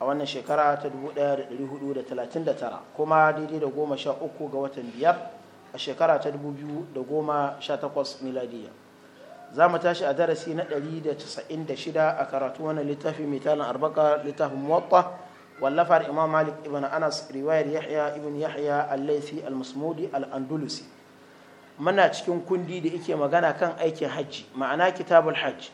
a wannan shekara ta 1439 kuma daidai da goma sha uku ga watan biyar a shekara ta 2018 miladiya za mu tashi a darasi na 196 a karatu wani littafi mai talin arbaka littafin muwatta wallafar imam malik ibn anas riwayar yahya ibn yahya al laifi al-musmudi al-andalusi muna cikin kundi da yake magana kan aikin hajji ma'ana kitabul hajji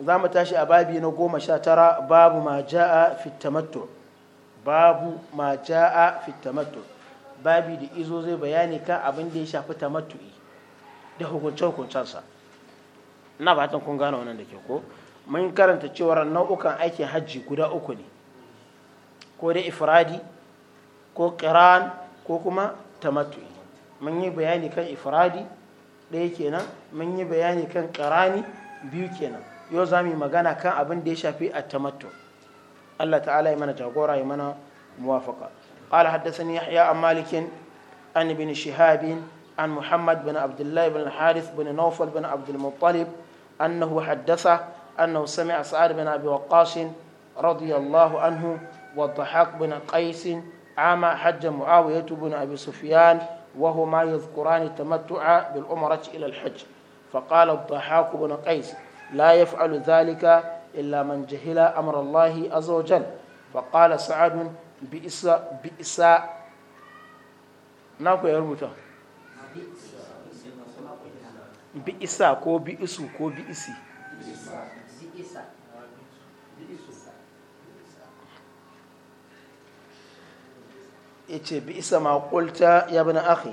za mu tashi a babi na goma sha tara babu ma ja'a fitamato babu ma ja'a fitamato babi da izo zai bayani kan abin da ya shafi tamattu'i da hukunce-hukuncensa na fatan kun gane wannan da ke ko mun karanta cewar nau'ukan aikin hajji guda uku ne ko dai ifradi ko kiran ko kuma tamattu'i mun yi bayani kan ifradi ɗaya kenan mun yi bayani kan kirani biyu kenan yau za mu yi magana kan abin da ya shafi a tamattu Allah ta'ala ya mana jagora ya mana muwafaka qala haddathani yahya an malikin an ibn shihab an muhammad bin abdullah bin harith bin nawfal bin abdul muttalib annahu haddatha annahu sami'a sa'ad bin abi waqqas radiyallahu anhu wa dhahaq bin qais عام حج معاوية بن أبي سفيان وهما يذكران التمتع بالأمرة إلى الحج فقال الضحاك بن قيس لا يفعل ذلك إلا من جهل أمر الله عز وجل فقال سعد بئس بئس ناكو يا ربوتا بئس كو بئس كو بئس yace bi isa ma qulta ya ibn akhi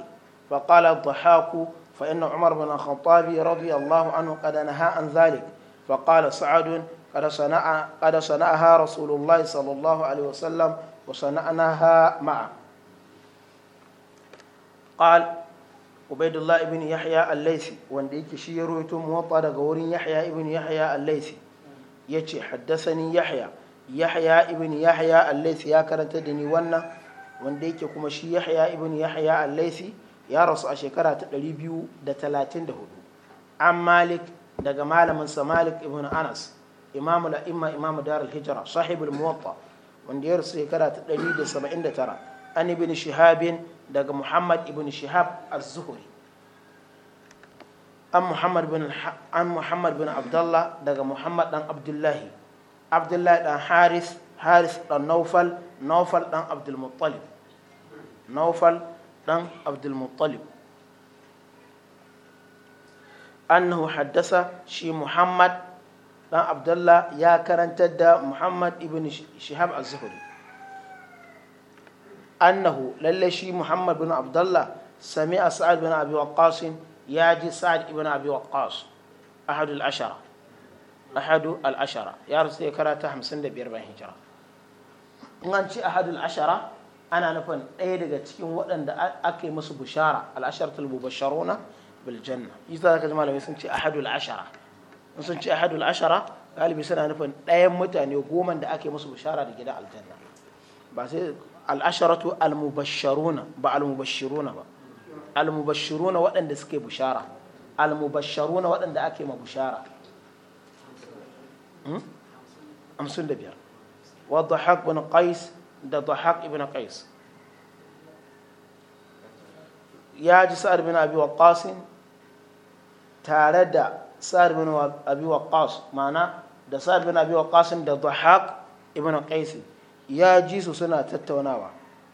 fa qala dhahaku فإن عمر بن الخطاب رضي الله عنه قد نهى عن ذلك فقال سعد قد صنع قد صنعها رسول الله صلى الله عليه وسلم وصنعناها معه قال عبيد الله بن يحيى الليثي wanda yake shi ya rawaito muwatta daga wurin Yahya ibn Yahya al-Laythi yace haddathani Yahya Yahya ibn Yahya al ya karanta da ni wannan wanda yake kuma shi Yahya ibn Yahya al ya rasu a shekara ta 234 an malik daga malaminsa malik ibn anas imamu imma imamu darul hijira sahibul muwatta wanda ya rasu shekara ta 179 an ibn shihabin daga muhammad ibn shihab az-zuhri an muhammad bin muhammad abdullah daga muhammad dan abdullahi abdullahi dan haris haris dan naufal naufal dan abdul naufal ɗan abdulmuttalib annahu haddasa shi muhammad ɗan abdullah ya karantar da muhammad ibn shihab az-zuhri annahu lalle shi muhammad bin abdullah sami a sa'ad bin abi waqqas ya ji sa'ad ibn abi waqqas ahadul ashara ahadu al-ashara ya rasu karata 55 bayan hijira in an ci ahadul ashara ana nufin ɗaya daga cikin waɗanda aka yi musu bushara al'asharatul mubasharuna bil janna yasa zaka ji malamai sun ce ahadul ashara in sun ce ahadul ashara galibi suna nufin ɗayan mutane goma da aka yi musu bushara da gidan aljanna ba sai al'asharatu al-mubasharuna ba al-mubashiruna ba al-mubashiruna waɗanda suke bushara al-mubasharuna waɗanda ake ma bushara hmm? amsun da biyar wadda haƙ bin qais da Dhahak ibn qais ya ji sa'ad bin abi waqqas tare da sa'ad bin abi waqqas ma'ana da sa'ad bin abi waqqas da Dhahak ibn qais ya ji su suna tattaunawa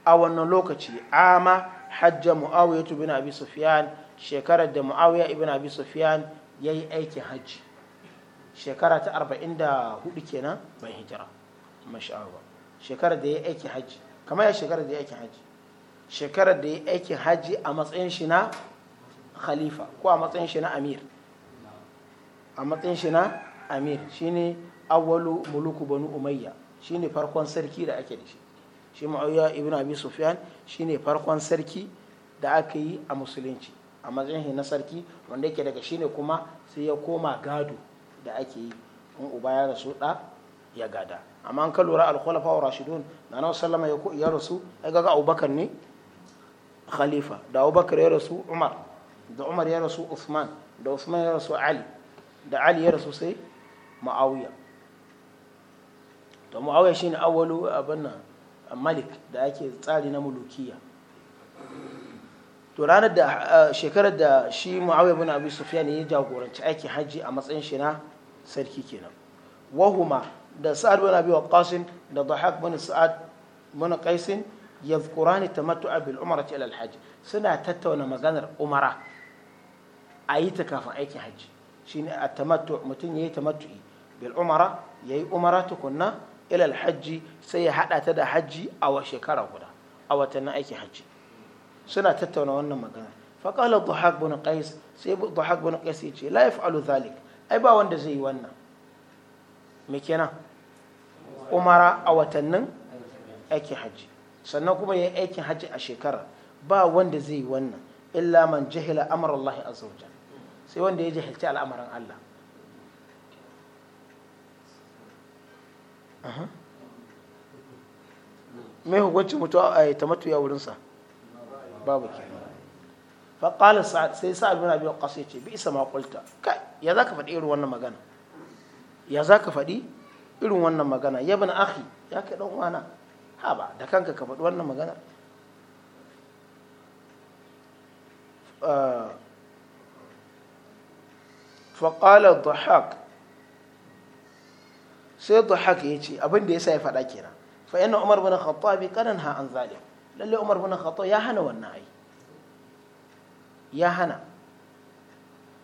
a wannan lokaci ama hajja mu'awiyatu bin abi sufyan shekarar da mu'awiya ibn abi sufyan ya yi aikin hajji shekara ta 44 kenan ban hijira masha Allah shekarar da ya aiki hajji kamar ya shekarar da ya aiki hajji shekarar da ya aiki hajji a matsayin shi na khalifa ko a matsayin shi na amir a matsayin shi na amir shine awwalu muluku banu umayya shine farkon sarki da ake da shi shi ma'auya ibn abi sufyan shine farkon sarki da aka yi a musulunci a matsayin shi na sarki wanda yake daga shine kuma sai ya koma gado da ake yi in uba ya rasu da ya gada amma an kalura lura al-khulafa wa rashidun na nan sallama ya rasu ai ga abubakar ne khalifa da abubakar ya rasu umar da umar ya rasu usman da usman ya rasu ali da ali ya rasu sai ma'awiya to ma'awiya shine awwalu abin nan malik da ake tsari na mulukiya to ranar da shekarar da shi muawiya bin abi sufyan ya jagoranci aikin hajji a matsayin shi na sarki kenan wahuma da sa'ad bin abi waqqas da dhahak bin sa'ad bin qais yadhkurani tamattu'a bil umrati ila al hajj suna tattauna maganar umara Ayi yi ta kafin aikin hajji shine a tamattu mutum yayi tamattu'i bil umara yayi umara tukunna ila al hajji sai ya hada ta da hajji a wa shekara guda a watannin aikin hajji suna tattauna wannan maganar فقال الضحاك بن قيس sai الضحاك بن قيس يجي لا يفعل dhalik ai ba wanda zai yi wannan me kenan umara a watannin aikin hajji sannan kuma ya yi aikin hajji a shekara ba wanda zai yi wannan illa man jahila amara Allah a wa sai wanda ya jahilci al'amarin Allah mai hukunci eh, mutu a ta matuya wurinsa babu ke faƙalin sa'ad sai sa'ad bin abi ƙasa ya ce bi isa makulta. Ya kai ya faɗi irin wannan magana ya za ka faɗi irin wannan magana ya bin akhi ya kai dan uwana ha ba da kanka ka faɗi wannan magana ah, faƙalar dhahak sai dhahak ya ce abin da ya sa ya faɗa kenan fa yana umar bin khattabi kanan ha an zalim lalle umar bin khattab ya hana wannan ai ya hana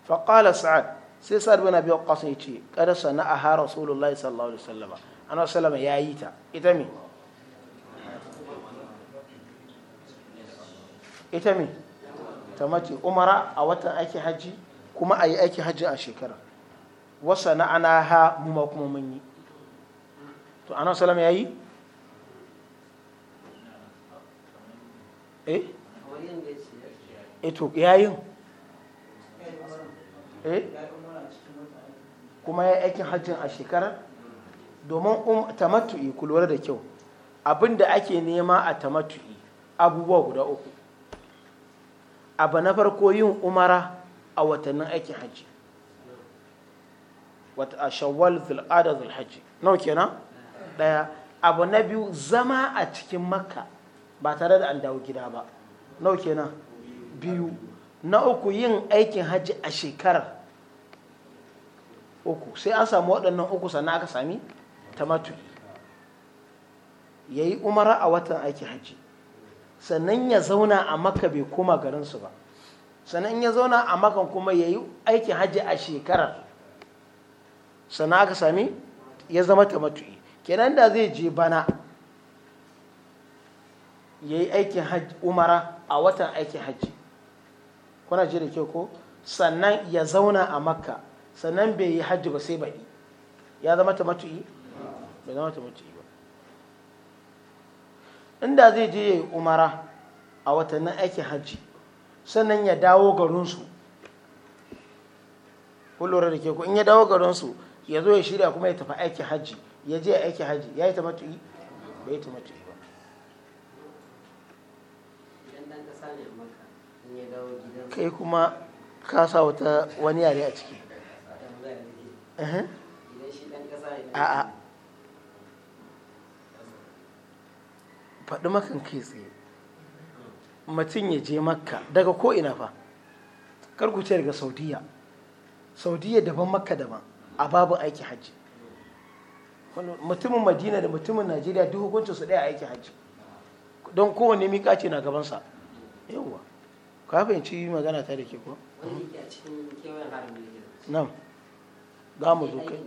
faƙalar sa'ad sai sa bin abi waqqas ya ce qad sana'aha rasulullah sallallahu alaihi wasallam annabi sallama ya yi ta ita me ita me ta mace umara a watan aiki hajji kuma a yi aiki hajji a shekara wasa na ana ha mu ma kuma mun yi to annabi sallama ya yi eh eh to yayin eh kuma ya aikin hajjin a shekarar domin um, tamattu'i ku lura da kyau abinda da ake nema a tamattu'i abubuwa guda uku abu na farko yin umara a watannin aikin hajji wata a shawwal zul'ada zulhajji nau kenan daya abu na biyu zama a cikin makka ba tare da an dawo gida ba nau kenan biyu na uku yin aikin hajji a shekarar uku sai an samu waɗannan uku sannan aka sami tamatuli ya yi umara a watan aiki hajji sannan ya zauna a makka bai koma garinsu ba sannan ya zauna a makan kuma ya yi aikin hajji a shekarar sannan aka sami ya zama tamatuli kenan da zai je bana ya yi aikin umara a watan aikin hajji kuna ji da ke ko sannan ya zauna a makka sannan bai yi hajji ba sai baɗi ya zama ta matu'i bai zama ta matu'i ba inda zai je yi umara a watannin aikin hajji sannan ya dawo garinsu ku da ke ku in ya dawo garinsu ya zo ya shirya kuma ya tafi aikin hajji ya je aiki hajji ya yi ta matu'i bai yi ta matu'i ba kai kuma ka sa wata wani yare a ciki a'a faɗi makan kai tsaye mutum ya je makka daga ko ina fa karku daga saudiya saudiya daban makka daban a babu aiki hajji mutumin madina da mutumin najeriya duk hukuncin su ɗaya aiki hajji don kowane miƙa ce na gabansa yawwa ka fahimci magana ta da ke ko? wani yake a cikin kewayen harin nan za mu zo kai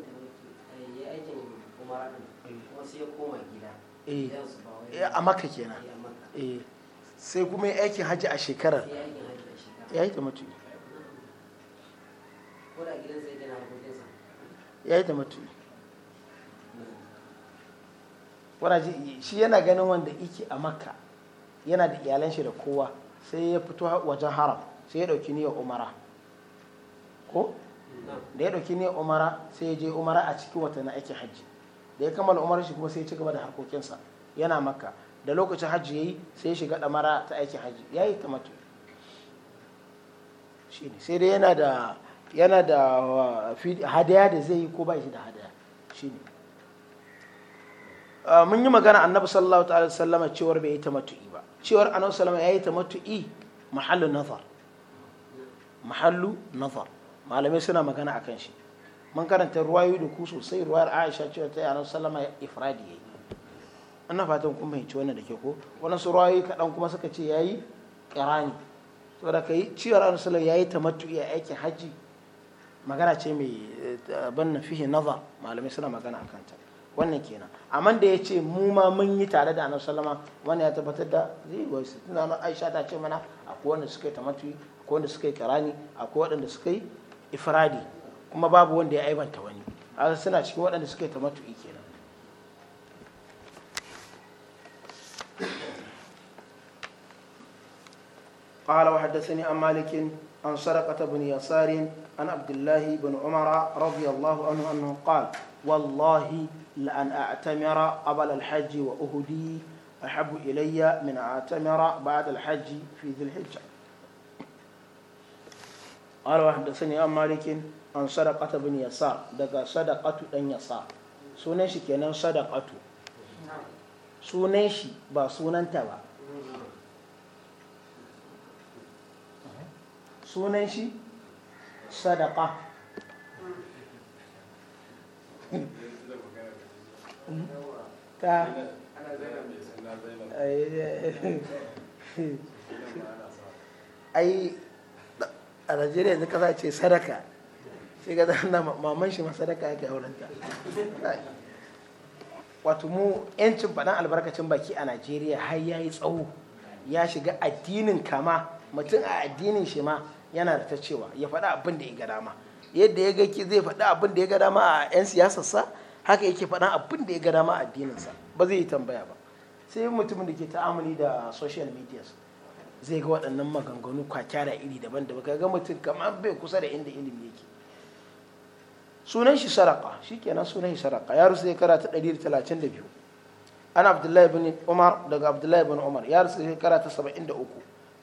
eh. Eh, a maka kenan eh. sai kuma ya aikin hajji a shekarar ya yi ta mutu ya yi ta mutu wadaji shi yana ganin wanda iki a makka yana da iyalan shi da kowa sai ya fito wajen haram sai ya dauki niyyar umara ko da ya ɗauki ne umara sai ya je umara a cikin wata na aikin hajji da ya kammala umara shi kuma sai ya ci gaba da harkokinsa yana makka da lokacin hajji ya yi sai ya shiga ɗamara ta aikin hajji ya yi ta mato shi ne sai dai yana da yana da uh, hadaya da zai yi ko ba shi da hadaya shi ne uh, mun yi magana annabi sallallahu ta'ala sallama cewar bai yi ta matu'i ba cewar annabi sallama ya yi ta matu'i mahallu nazar mahallu nazar malamai suna magana a kan shi mun karanta ruwayoyi da ku sosai ruwayar aisha cewa ta yanar sallama ifradi yayi ina fatan kun fahimci wannan da ke ko su ruwayoyi kaɗan kuma suka ce yayi kirani saboda kai ciyar annabi sallallahu yayi tamattu ya aiki hajji magana ce mai eh, ban na fihi nazar malamai suna magana akan ta wannan kenan amma da ya ce mu ma mun yi tare da annabi sallama wannan ya tabbatar da zai yi wasu tunanin aisha ta ce mana akwai wanda suka yi tamattu akwai wanda suka yi kirani akwai wanda suka yi ifradi kuma babu wanda ya aibanta wani haka suna cikin waɗanda suka yi tamattu'i kenan قال وحدثني عن مالك عن سرقة بن يسار عن عبد الله بن عمر رضي الله عنه أنه قال والله لأن أعتمر قبل الحج وأهدي أحب إلي من أعتمر بعد الحج في ذي الحجة arwa da sani a malikin an sadaqata bin yasa daga sadaqatu dan yasa sunan shi kenan sadaqatu sunan shi ba sunanta ba sunan shi sadaqa ta ana a najeriya yanzu kasa ce sadaka sai ga zana maman shi ma sadaka yake aurenta wato mu yancin faɗan albarkacin baki a najeriya har ya yi tsawo ya shiga addinin kama mutum a addinin shi ma yana da ta cewa ya faɗa abin da ya ga dama yadda ya ga zai faɗa abin da ya ga dama a 'yan siyasarsa haka yake faɗan abin da ya ga dama a addininsa ba zai yi tambaya ba sai mutumin da ke ta'amuli da social media zai ga waɗannan maganganu kwakyara iri daban daban ka ga mutum kamar bai kusa da inda ilimi yake sunan shi saraka kenan sunan shi saraka ya rusa shekara ta 132 ana abdullahi bin umar daga abdullahi bin umar ya rusa shekara ta 73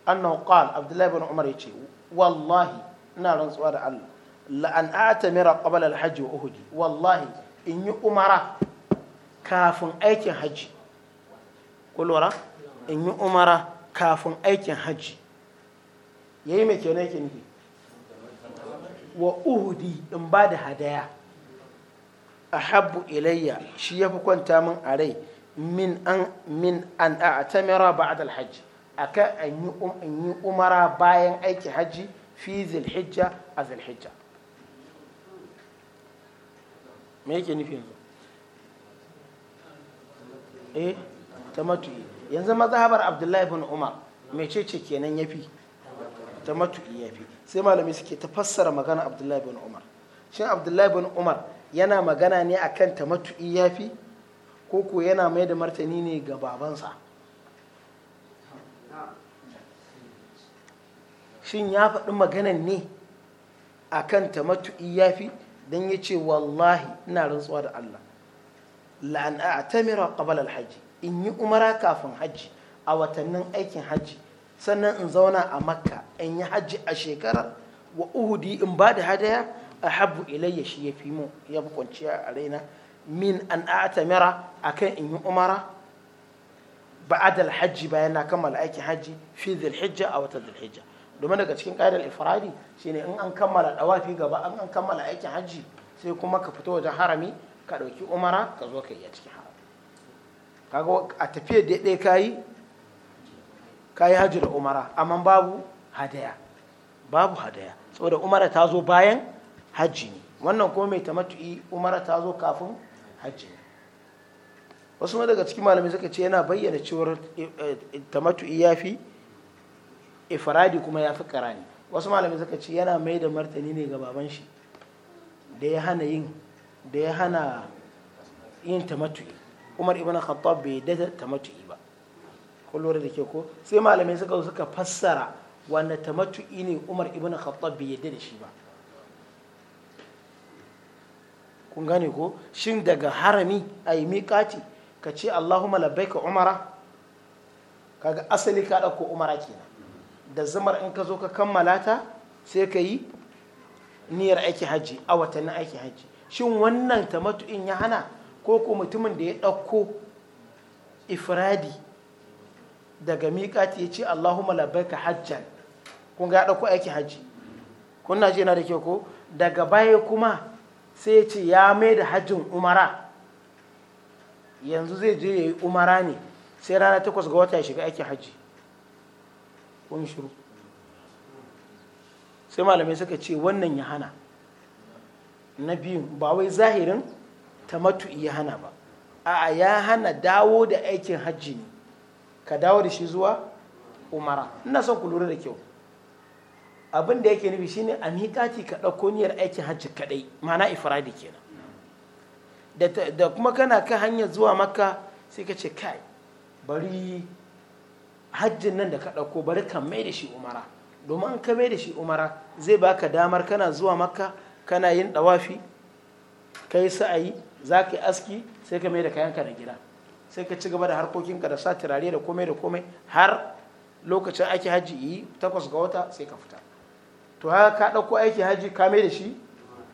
annahu qala abdullahi bin umar ya ce wallahi ina rantsuwa da Allah la'an an atamira qabla al-hajj wa uhud wallahi in yi umara kafin aikin haji ku lura in yi umara kafin aikin hajji ya yi mai kenan yake nufi wa uhudi in ba da hadaya a habbu ilayya shi ya fi kwanta min a rai min an a min an a tamira ba'ad a aka an yi umara bayan aikin hajji fi zilhijja a zilhijja me yake nufi yanzu eh tamattu'i yanzu mazhabar abdullahi bin umar mece ce kenan ya fi ta ya fi sai malami suke ta fassara magana abdullahi bin umar shin abdullahi bin umar yana magana ne kan ta matu'i ya fi ko ko yana mai da martani ne ga babansa shin ya faɗi maganan ne akan ta matu'i ya fi don ya ce wallahi ina rantsuwa da allah la'an a tamira ƙabalar alhaji in yi umara kafin hajji a watannin aikin hajji sannan in zauna a makka in yi hajji a shekarar wa uhudi in ba da hadaya a habu ilayya shi ya fi mu ya fi kwanciya a raina min an a'tamira akan in yi umara ba'ad al-hajji bayan na kammala aikin hajji fi dhulhijja a watan dhulhijja domin daga cikin ƙa'idar ifradi shine in an kammala dawafi gaba an kammala aikin hajji sai kuma ka fito wajen harami ka ɗauki umara ka zo ka yi a cikin kaga a tafiyar da ɗaya kayi kayi hajji da umara amma babu hadaya babu hadaya saboda umara ta zo bayan hajji ne wannan kuma mai tamattu'i umara ta zo kafin hajji ne wasu daga cikin malamai suka ce yana bayyana cewar eh, tamattu'i ya fi ifradi kuma ya fi karani wasu malamai suka ce yana mai da martani ne ga baban shi da ya hana yin da ya umar ibn khattab bai da tamattu'i ba kun lura da ke ko sai malamai suka suka fassara wanda tamattu'i ne umar ibn khattab bai yadda da shi ba kun gane ko shin daga harami a yi miƙati ka ce allahumma labbaika umara kaga asali ka ɗauko umara kenan da zamar in ka zo ka kammala ta sai ka yi niyyar aiki hajji a watannin aiki hajji shin wannan tamattu'in ya hana ko ko mutumin da ya ɗauko ifradi daga miƙati ya ce Allahumma labbaika hajjan kun ga ɗauko aiki hajji kun na yana da ke ko daga baya kuma sai ya ce ya mai da hajjin umara yanzu zai je ya yi umara ne sai rana takwas ga wata ya shiga aiki hajji kun shiru sai malamai suka ce wannan ya hana na biyun ba wai zahirin ta matu ya hana ba a'a ya hana dawo da aikin hajji ne ka dawo da shi zuwa umara ina son ku lura da kyau abin da yake nufi shine a miƙati ka ɗauko niyyar aikin hajji kaɗai mana ifradi kenan da kuma kana ka hanyar zuwa maka sai ka ce kai bari hajjin nan da ka ɗauko bari ka mai da shi umara domin an ka mai da shi umara zai baka damar kana zuwa makka kana yin ɗawafi ka yi sa'ayi za ka yi aski sai ka mai da kayanka na gida sai ka ci gaba da harkokinka da sa turare da komai da komai har lokacin aiki hajji yi takwas ga wata sai ka fita to haka ka ɗauko aiki hajji ka mai da shi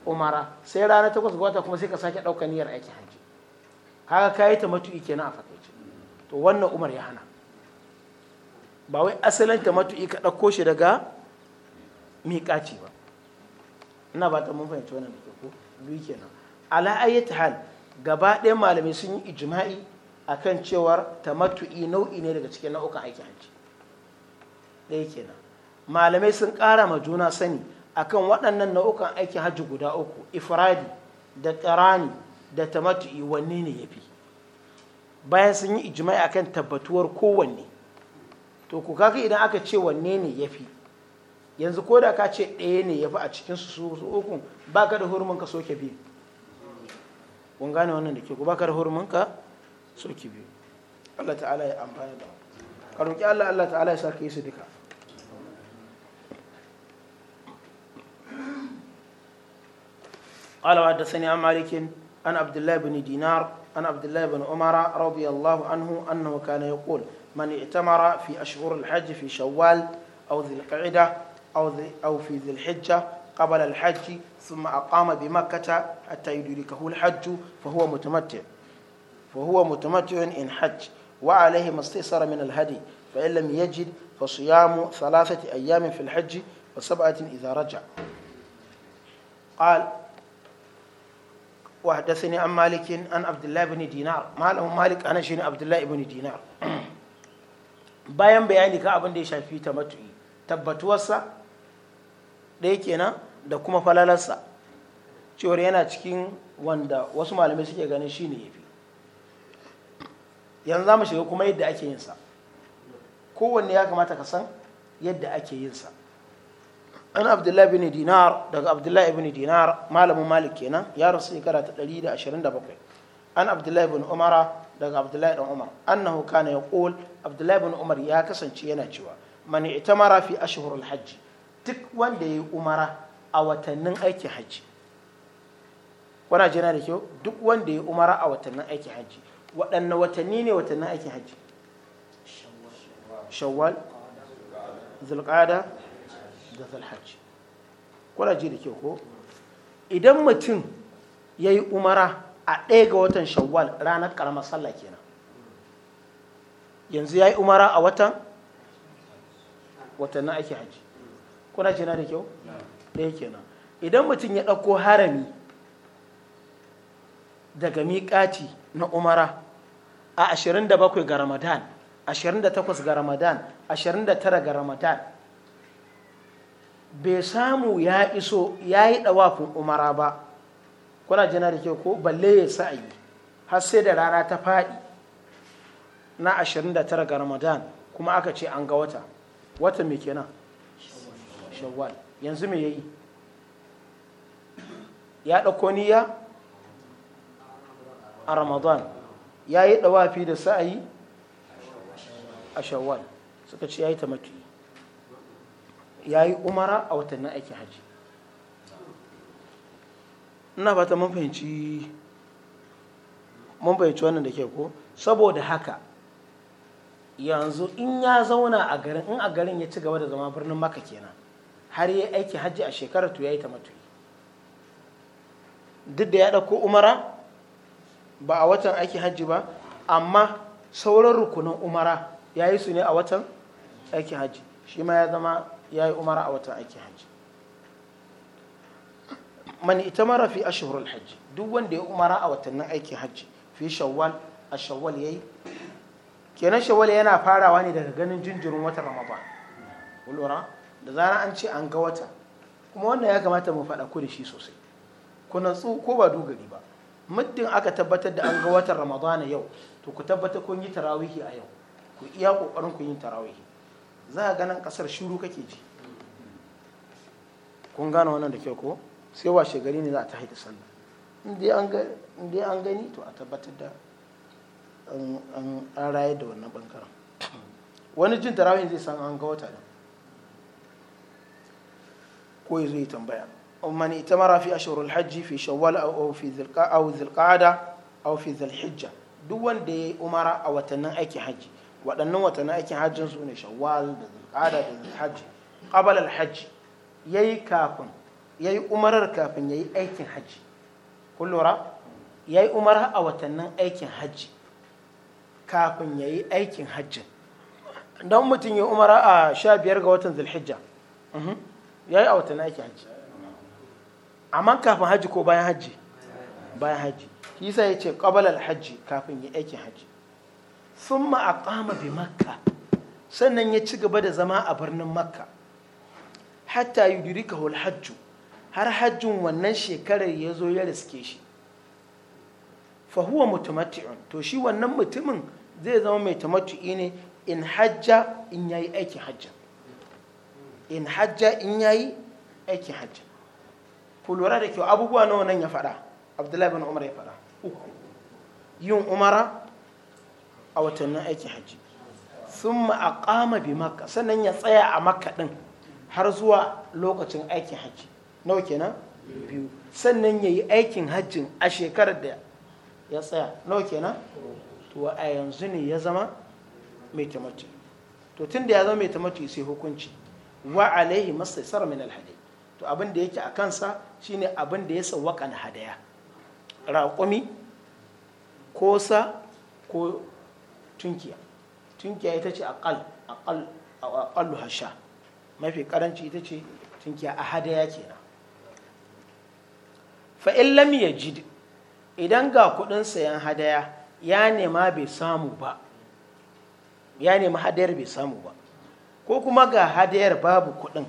umara sai rana takwas ga wata kuma sai ka sake ɗauka niyyar aiki hajji haka ka yi ta matu'i kenan a fakaice to wannan umar ya hana ba wai asalin ta matu'i ka ɗauko shi daga miƙaci ba ina ba ta mun fahimci wannan da ke ko biyu kenan ala ayyati hal gaba ɗaya malamai sun yi ijma'i kan cewar tamattu'i nau'i ne daga cikin nau'ukan aikin hajji ɗaya kenan malamai sun ƙara ma juna sani akan waɗannan nau'ukan aikin hajji guda uku ifradi da ƙarani da tamattu'i wanne ne ya fi bayan sun yi ijma'i kan tabbatuwar kowanne to ku kaga idan aka ce wanne ne ya fi yanzu ko da ka ce ɗaya ne ya fi a cikin su uku ba ka da hurumin ka soke biyu kun gane wannan da ke ku bakar hurminka soki biyu Allah ta'ala ya amfani da ka roƙi Allah Allah ta'ala ya sa ka yi su duka Allah da sani an abdullahi bin dinar an abdullahi bin umara radiyallahu anhu annahu kana yaqul man i'tamara fi ashhur hajji fi shawwal aw dhilqa'dah aw fi dhilhijjah قبل الحج ثم أقام بمكة حتى يدركه الحج فهو متمتع فهو متمتع إن حج وعليه ما استيسر من الهدي فإن لم يجد فصيام ثلاثة أيام في الحج وسبعة إذا رجع قال وحدثني عن مالك عن عبد الله بن دينار ما له مالك أنا شنو عبد الله بن دينار bayan bayani ka abin da ya shafi tamattu'i tabbatuwarsa ɗaya kenan da kuma falalarsa cewar yana cikin wanda wasu malamai suke ganin shi ne yafi yanzu za mu shiga kuma yadda ake yinsa kowanne ya kamata ka san yadda ake yinsa an abdullahi bin dinar daga abdullahi bin dinar malamin malik kenan ya rasu shekara ta 127 an abdullahi bin umara daga abdullahi dan umar annahu kana yaqul abdullahi bin umar ya kasance yana cewa man i'tamara fi ashhurul hajji duk wanda ya yi umara a watannin aikin hajji wana jina da kyau duk wanda ya yi umara a watannin aikin hajji waɗanne watanni ne watannin aikin hajji shawwal zulqada da zulhajji kuna ji da kyau ko idan mutum ya yi umara a ɗaya ga watan shawwal ranar ƙaramar sallah kenan yanzu ya yi umara a watan watannin aikin hajji kuna jina da kyau ɗaya kenan idan mutum ya ɗauko harami daga miƙaci na umara a 27 ga ramadan 28 ga ramadan 29 ga ramadan bai samu ya iso ya yi ɗawafin umara ba kuna jina da kyau ko balle ya sa'ayi har sai da rana ta faɗi na 29 ga ramadan kuma aka ce an ga wata wata mai kenan shawwal yanzu me yayi ya dauko niyya a ramadan ya yi dawafi da sa'ayi a shawwal suka ce ya yi tamaki ya yi umara a watannin aiki hajji ina ba ta mun fahimci wannan da ke ko saboda haka yanzu in ya zauna a garin in a garin ya ci gaba da zama birnin maka kenan har yi aiki hajji a shekarar to ya yi ta matuyi duk da ya ɗauko umara ba a watan aiki hajji ba amma sauran rukunan umara ya yi su ne a watan aiki hajji shi ma ya zama ya yi umara a watan aiki hajji man ita mara fi ashhurul hajji duk wanda ya umara a watannin aiki hajji fi shawwal a shawwal yi kenan shawwal yana farawa ne daga ganin jinjirin watan ramadan da zara an ce an ga wata kuma wannan ya kamata mu faɗa ku da shi sosai ku natsu ko ba dogari ba muddin aka tabbatar da an ga watan ramadana yau to ku tabbata kun yi tarawihi a yau ku iya kokarin kun yi tarawihi za a ganin kasar shiru kake ji kun gane wannan da kyau ko sai wa shegari ne za a ta da sallah in dai an gani to a tabbatar da an rayar da wannan bankaran wani jin tarawihin zai san an ga wata ne ko ya zo ya tambaya man itamara fi ashhurul hajji fi shawwal aw fi dhilqa aw dhilqa'ada aw fi dhilhijja duk wanda ya umara a watannin aikin hajji waɗannan watannin aikin hajjin su ne shawwal da dhilqa'ada da dhilhajji qabala alhajji yayi kafin yayi umarar kafin ya yi aikin hajji kun lura yi umara a watannin aikin hajji kafin yayi aikin hajjin don mutum ya umara a sha biyar ga watan zulhijja mhm. ya yi a watanni ake hajji amma kafin hajji ko bayan hajji bayan hajji isa ya ce ƙabalar hajji kafin ya aikin hajji sun ma'aƙama bi makka sannan ya ci gaba da zama a birnin makka hatta yudurika hul hajju har hajjin wannan shekarar ya zo ya riske shi fahuwa mutumatti'un to shi wannan mutumin zai zama mai tumatu'i ne in hajja in yayi aikin hajjin in hajja in yayi aikin hajji ku lura da kyau abubuwa nawa nan ya faɗa abdullahi bin umar ya faɗa uku yin umara a watannin aikin hajji sun ma'aƙama bi makka sannan ya tsaya a makka ɗin har zuwa lokacin aikin hajji nawa kenan biyu sannan ya yi aikin hajjin a shekarar da ya tsaya nawa kenan to a yanzu ne ya zama mai tamati to tun da ya zama mai tamati sai hukunci wa alaihi mastaisara min alhadai to abin da yake a kansa shine abin da ya sawwaka na hadaya raƙumi ko sa ko tunkiya tunkiya ita ce aqal aqal hasha mafi karanci ita ce tunkiya a hadaya kenan fa in lam ji idan ga kudin sayan hadaya ya nema bai samu ba ya nema hadayar bai samu ba ko kuma ga hadayar babu kuɗin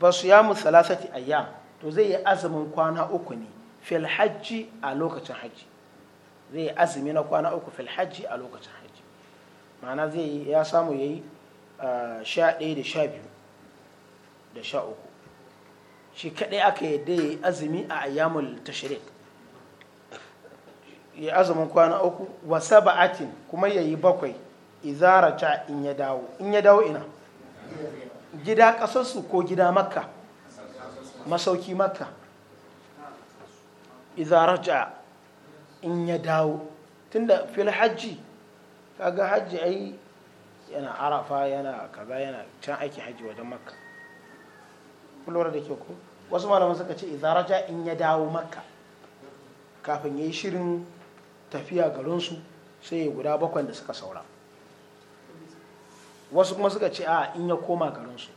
ba su yamu salasati ayyam to zai yi azumin kwana uku ne fil a lokacin hajji zai yi azumi na kwana uku fil a lokacin hajji ma'ana zai yi ya samu ya yi sha ɗaya da sha biyu da sha uku shi kaɗai aka yi ya yi azumi a ayyamul tashirik ya azumin kwana uku wa saba'atin kuma ya yi bakwai izaraca in ya dawo in ya dawo ina gida kasarsu ko gida makka masauki makka izaraca in ya dawo tunda fil hajji kaga hajji yi yana arafa yana kaza yana can aiki hajji wajen makka kulura da ke ku wasu malaman suka ce izaraca in ya dawo makka kafin ya yi shirin tafiya garinsu sai ya guda bakwai da suka saura wasu kuma suka ce a in ya koma garinsu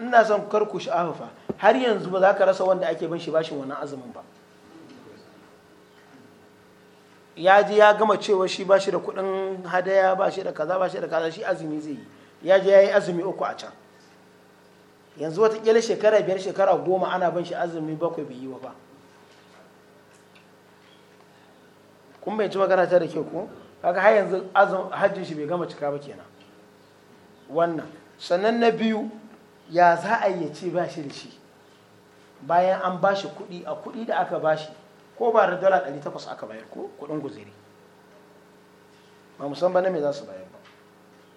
ina son kar ku sha'afa fa har yanzu ba za ka rasa wanda ake bin shi bashin wannan azumin ba ya ji ya gama cewa shi ba shi da kuɗin hadaya ba shi da kaza ba shi da kaza shi azumi zai yi ya ji ya yi azumi uku a can yanzu watakila shekara biyar shekara goma ana bin shi azumi bakwai bai yi wa ba kun bai ci magana ta da ke ko kaga har yanzu hajjin shi bai gama cika ba kenan wannan sannan na biyu ya za a yi ce ba shi da shi bayan an ba shi kuɗi a kuɗi da aka ba shi ko ba da dala 800 aka bayar ko kuɗin guziri ba musamman na me za su bayar ba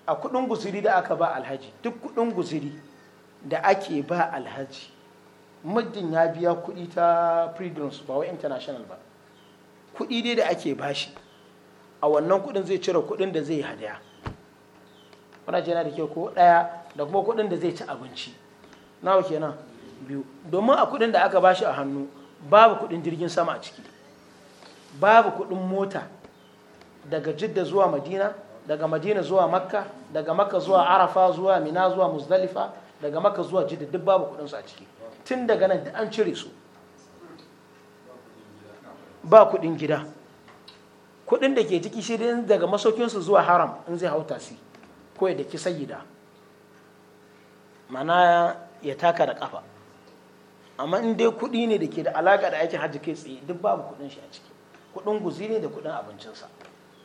a kuɗin guziri da aka ba alhaji duk kuɗin guziri da ake ba alhaji muddin ya biya kuɗi ta freedoms ba wa international ba kuɗi dai da ake ba shi a wannan kuɗin zai cire kuɗin da zai hadaya kuna ce yana da kyau ko ɗaya da kuma kuɗin da zai ci abinci nawa kenan biyu domin a kuɗin da aka bashi a hannu babu kuɗin jirgin sama a ciki babu kuɗin mota daga jidda zuwa madina daga madina zuwa makka daga makka zuwa arafa zuwa mina zuwa muzdalifa daga makka zuwa jidda duk babu kuɗin su a ciki tun daga nan da an cire su ba kuɗin gida kuɗin da ke ciki shi daga masaukinsu zuwa haram in zai hau tasi ko ya daki sayida mana ya taka da kafa amma in dai kuɗi ne da ke da alaƙa da aikin hajji kai tsaye duk babu kuɗin shi a ciki kuɗin guzi ne da kuɗin abincinsa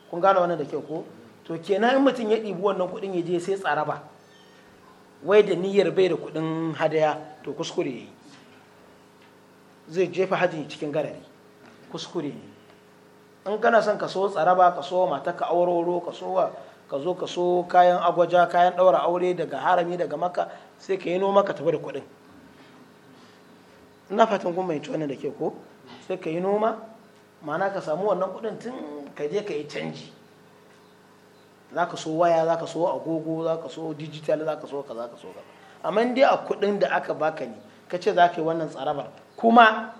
kun gane wannan da kyau ko to kenan in mutum ya ɗibi wannan kuɗin ya je sai tsaraba wai da niyyar bai da kuɗin hadaya to kuskure ya yi zai jefa hajji cikin garari kuskure ne in kana son ka so tsaraba ka so mata ka auroro ka so wa ka zo ka so kayan agwaja kayan ɗaura aure daga harami daga maka sai ka yi noma ka tafi da kuɗin ina fatan kuma mai wannan da ke ko sai ka yi noma mana ka samu wannan kuɗin tun ka je ka yi canji za ka so waya za ka so agogo za ka so digital za ka so ka za ka so ka amma dai a kuɗin da aka baka ne ka ce za ka yi wannan tsarabar kuma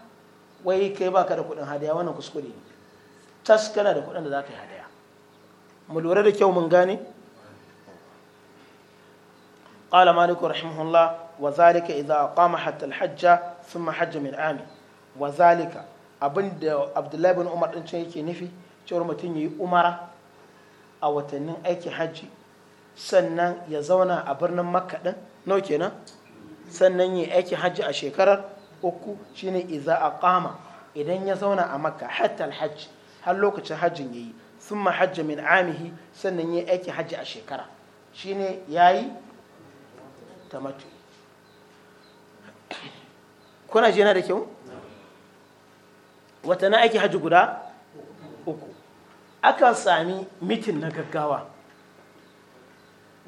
wai kai baka da kuɗin hadaya wannan kuskure ne tas kana da kuɗin da za ka yi hadaya mu lura da kyau mun gane ƙala maliku rahimahullah wa zalika idza qama hatta al thumma hajja min ami wa zalika abinda abdullahi Ibn umar din can yake nufi cewar mutum yayi umara a watannin aikin hajji sannan ya zauna a birnin makka din nau kenan sannan yi aikin hajji a shekarar uku shine iza a idan ya zauna a makka hatta hajji har lokacin hajjin yayi sun hajja min amihi sannan yi aiki hajji a shekara shine yayi matu. kuna jina da kyau wata na aiki hajji guda uku akan sami mitin na gaggawa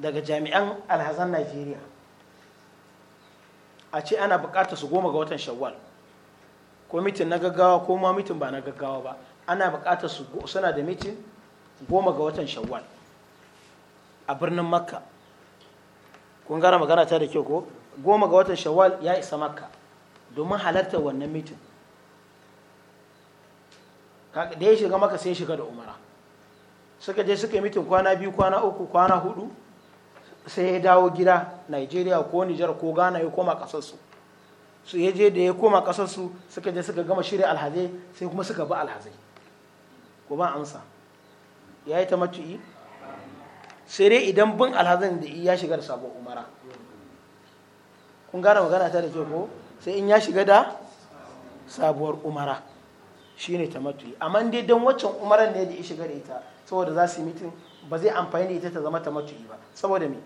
daga jami'an alhazan najeriya a ce ana bukatar su goma ga watan shawwal ko mitin na gaggawa ko ma mitin ba na gaggawa ba ana buƙatar su suna da mitin goma ga watan shawwal a birnin makka kun gara magana ta da kyau ko goma ga watan shawwal ya isa makka domin halarta wannan mitin da ya shiga maka sai shiga da umara suka je suka yi mitin kwana biyu kwana uku kwana hudu sai ya dawo gida nigeria ko nijar ko ghana ya koma kasarsu su ya da ya koma kasarsu suka je suka gama shirya alhazai sai kuma suka bi alhazai ko ba ansa ya yi ta matu'i sai dai idan bin alhazan da ya shiga da sabon umara kun gane magana ta da ke ko sai in ya shiga da sabuwar umara ne ta matu'i amma dai don waccan umaran ne da ya shiga da ita saboda za su yi mitin ba zai amfani da ita ta zama ta matu'i ba saboda me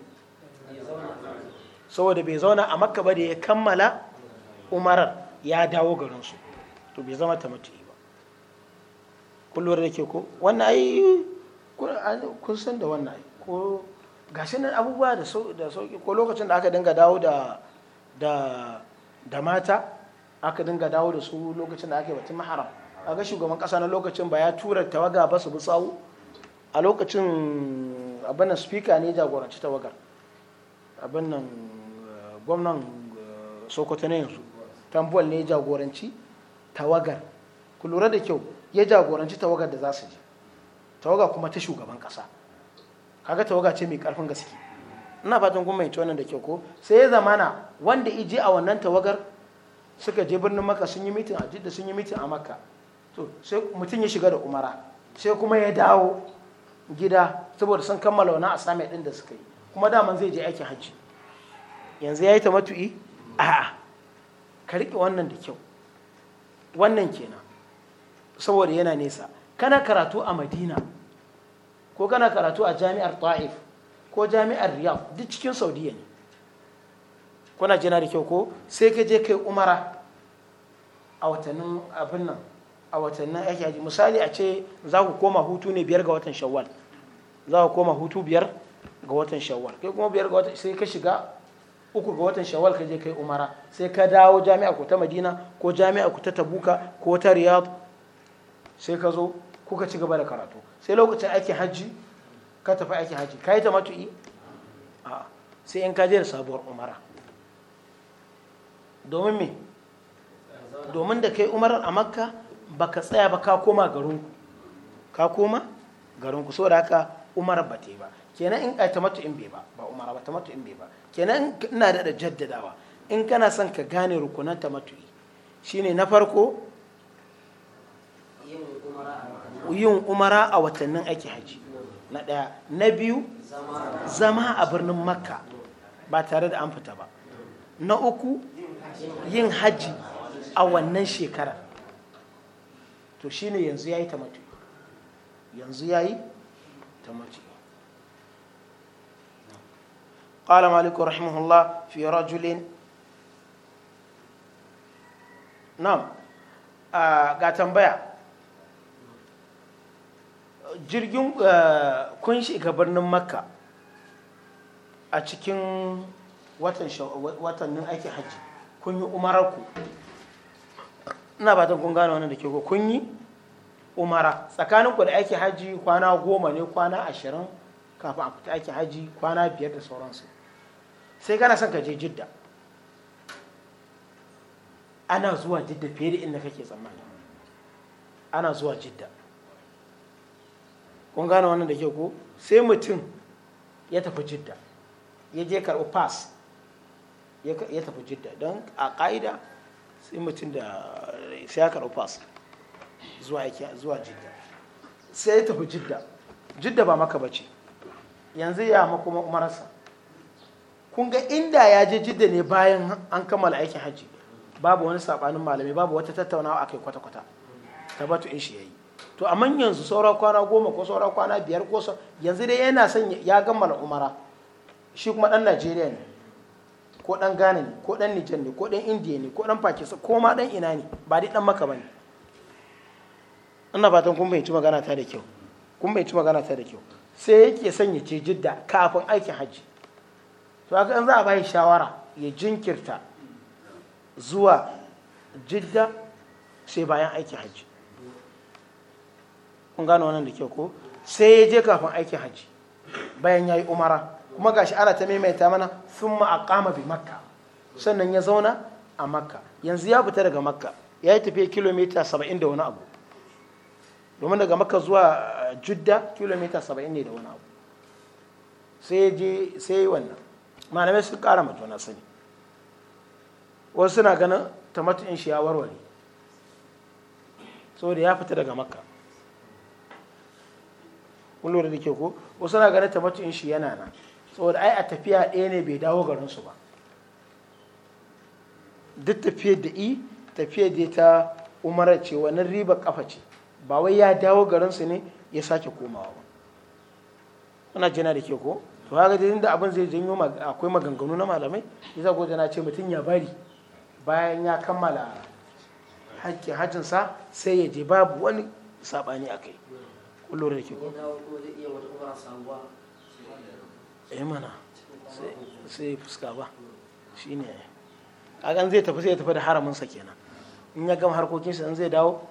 saboda bai zauna a makka ba da ya kammala umarar ya dawo garinsu to bai zama ta matu'i kullum da ke ko wannan ai kun san da wannan ai ko gashi nan abubuwa da sauki ko lokacin da aka dinga dawo da da da mata aka dinga dawo da su lokacin da ake batun maharam ga shugaban kasa na lokacin ba ya tura tawaga ba su bi tsawo a lokacin abin nan speaker ne jagoranci tawagar abin nan eh, gwamnan eh, sokoto na yanzu tambuwal ne jagoranci tawagar ku lura da kyau ya jagoranci tawagar da za su je tawaga kuma ta shugaban kasa kaga tawaga ce mai karfin gaske ina fatan kuma mai wannan da kyau ko sai ya zamana wanda ije a wannan tawagar suka je birnin makka sun yi mitin a jidda sun yi mitin a makka to sai mutum ya shiga da umara sai kuma ya dawo gida saboda sun kammala wani assignment ɗin da suka yi kuma daman zai je aikin hajji yanzu ya yi ta matu'i a'a ka riƙe wannan da kyau wannan kenan saboda yana nesa kana karatu a madina ko kana karatu a jami'ar ta'if ko jami'ar Riyaf duk cikin saudiya ne kuna jina da kyau ko sai ka je kai umara a watannin abin nan a watannin aiki haji misali a ce za ku koma hutu ne biyar ga watan shawwal za ku koma hutu biyar ga watan shawwal kai kuma biyar ga watan sai ka shiga uku ga watan shawwal ka je kai umara sai ka dawo jami'a ku ta madina ko jami'a ku ta tabuka ko ta riyadh sai ka zo kuka ci gaba da karatu sai lokacin aikin hajji ka tafi aikin hajji ka yi ta matu'i a sai in ka je da sabuwar umara domin me domin da kai umarar a makka ba ka tsaya ba ka koma garinku ka koma garinku da haka umarar ba ta yi ba kenan in ka ta in bai ba ba umara ba tamatu in bai ba kenan ina da jaddadawa in kana son ka gane rukunan ta tamatu'i shine na farko yin umara a watannin ake haji na ɗaya na biyu zama a birnin makka ba tare da an fita ba na uku yin haji a wannan shekarar to shi ne yanzu ya yi tamatu yanzu ya yi tamatu قال مالك رحمه الله fiye rajulin na ah, ga tambaya jirgin eh, kun shiga birnin makka a cikin watannin aikin hajji kun yi umararku ina ba ta kun gane wannan da ke kun yi umara tsakaninku da aikin hajji kwana goma ne kwana ashirin kafin a fita aikin hajji kwana biyar da sauransu sai kana son ka je jidda ana zuwa jidda fiye da inda kake tsammani ana zuwa jidda kun gane wannan da ke ko sai mutum ya tafi jidda ya je karɓi pass ya tafi jidda don a ƙa'ida sai mutum da sai ya karɓi pass zuwa jidda sai ya tafi jidda jidda ba maka bace yanzu ya makoma marasa kun ga inda ya je jidda ne bayan an kammala aikin hajji babu wani sabanin malami babu wata tattaunawa akai kwata-kwata tabbatu in shi ya yi. to amma yanzu saura kwana goma ko saura kwana biyar ko yanzu dai yana son ya gammala umara shi kuma dan najeriya ne ko dan ghana ne ko dan nijar ne ko dan indiya ne ko dan pakistan ko ma dan ina ne ba dai dan maka bane ina fatan kun bayyanci magana ta da kyau kun bayyanci magana ta da kyau sai yake son ya ce jidda kafin aikin hajji to haka in za a bayi shawara ya jinkirta zuwa jidda sai bayan aikin hajji kun gano wannan da ke ko sai ya je kafin aikin hajji bayan ya yi umara kuma gashi ana ta maimaita mana sun kama bi makka sannan ya zauna a makka yanzu ya fita daga makka ya yi tafiya kilomita saba'in da wani abu domin daga makka zuwa eh, judda kilomita saba'in ne da wani abu sai ya je sai ya yi wannan malamai sun kara juna sani wasu suna ganin tamatu in shi ya warware saboda ya fita daga makka kullum da ke ko wasu na ganin in shi yana nan saboda ai a tafiya ɗaya ne bai dawo garin su ba duk tafiyar da i tafiyar da ta umarar ce wannan riba kafa ce ba wai ya dawo garin su ne ya sake komawa ba kuna jina da ke ko to haka da inda abin zai janyo akwai maganganu na malamai yasa ko jana ce mutum ya bari bayan ya kammala hajjinsa sai ya je babu wani sabani a kai kullum da ke ya eh mana sai ya fuska ba hmm. shi ne kagan zai tafi ya tafi da haraminsa kenan in ya gama harkokinsa in zai dawo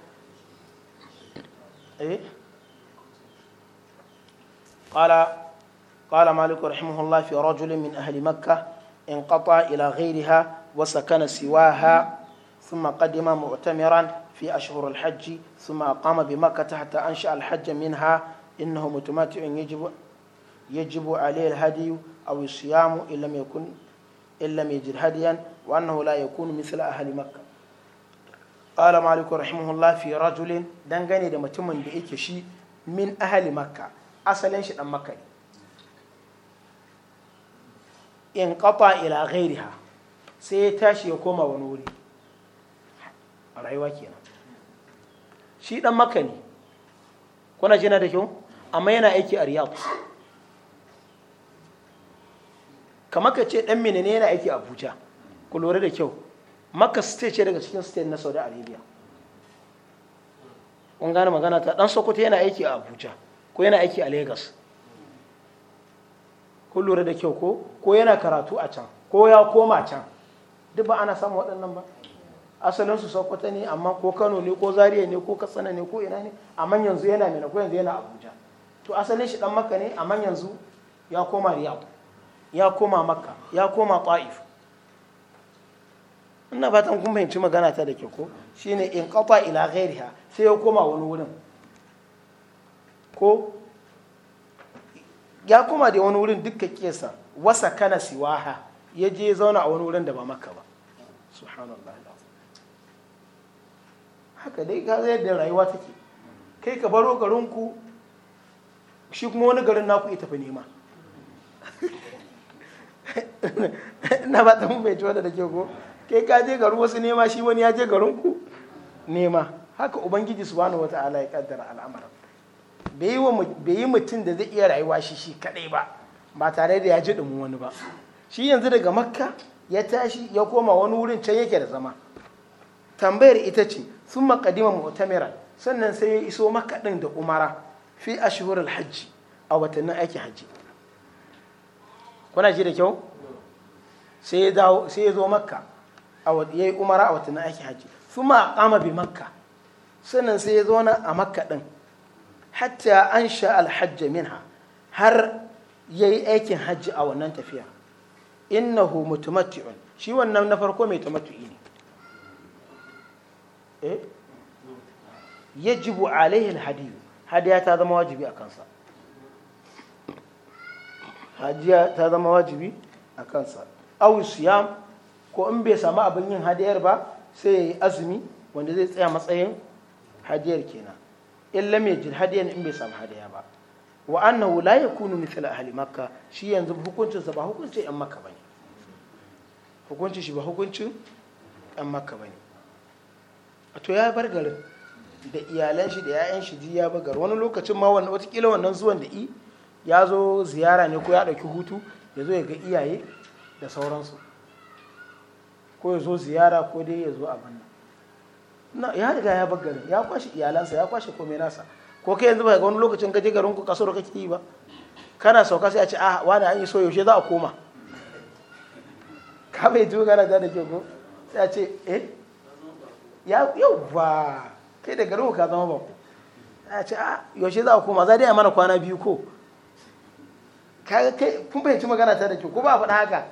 قال مالك رحمه الله في رجل من أهل مكة انقطع إلى غيرها وسكن سواها ثم قدم في أشهر الحج ثم أقام بمكة حتى أنشأ الحج منها إنه متمتع يجب يجب عليه الهدي أو الصيام إن لم يكن إن لم يجد هديا وأنه لا يكون مثل أهل مكة قال مالك رحمه الله في رجل دنغني da mutumin da yake shi min ahli makka asalin shi dan makka ne in qata ila ghairiha sai ya tashi ya koma wani wuri a rayuwa kenan shi dan makka ne kuna jina da kyau amma yana aiki a riyadh kamar ka ce dan mene ne yana aiki a abuja ku lura da kyau makka state ce daga cikin state na saudi arabia kun gane magana ta dan sokoto yana aiki a abuja ko yana aiki a lagos Ku lura da kyau ko ko yana karatu a can ko ya koma can duk ba ana samun waɗannan ba asalin su sokoto ne amma ko kano ne ko zaria ne ko katsina ne ko ina ne amma yanzu yana mina ko yanzu yana abuja to asalin shi dan makka ne amma yanzu ya koma riyadh ya koma makka ya koma ta'if ina tan kun fahimci magana ta da ke ko shine in qata ila ghairiha sai ya koma wani wurin ko ya koma da wani wurin dukkan kesa wasa kana siwaha ya je zauna a wani wurin da ba Makka ba subhanallah haka dai ga yadda rayuwa take kai ka baro garinku shi kuma wani garin naku ita fi nema na ba ta mai tuwa da ke ko kai ka je garin wasu nema shi wani ya je garinku nema haka ubangiji subhanahu wata'ala ya kaddara al'amarin bai yi mutum da zai iya rayuwa shi shi kadai ba ba tare da ya ji dumin wani ba shi yanzu daga makka ya tashi ya koma wani wurin can yake da zama tambayar ita ce sun makadima mu'tamira sannan sai ya iso makaɗin da umara fi ashhurul hajji a watannin aikin hajji kuna ji da kyau sai ya zo makka ya yi umara a watannin aikin hajji sun ma kama bi makka sannan sai ya zo na a makka ɗin hatta an sha min ha har ya yi aikin hajji a wannan tafiya innahu mutumatti'un shi wannan na farko mai tumattu'i eh yajibu alaihi alhadiyu hadiya ta zama wajibi a kansa hadiya ta zama wajibi a kansa ko in bai samu abin yin hadiyar ba sai ya yi azumi wanda zai tsaya matsayin hadiyar kenan in mai yajid in bai sami hadiya ba wa wula ya kunu mithla ahli halimaka shi yanzu hukuncinsa ba hukuncin yan ba ne hukuncin shi ba hukuncin yan makka ne. A to ya bar garin da iyalan shi da 'ya'yan shi ya bar garin wani lokacin ma wannan watakila wannan zuwan da i ya zo ziyara ne ko ya ɗauki hutu ya zo ya ga iyaye da sauransu ko ya zo ziyara ko dai ya zo abin nan ya riga ya bar garin ya kwashe iyalansa ya kwashe komai nasa ko kai yanzu ba wani lokacin ka je garin ku kasar kake yi ba kana sauka sai a ce ah wani an yi so yaushe za a koma ka bai ji magana da ke ko sai a ce eh yau ba kai da garin ka zama bako a ce a ah, yaushe za a koma za dai mana kwana biyu ko kun fahimci magana ta da ke ko ba faɗa haka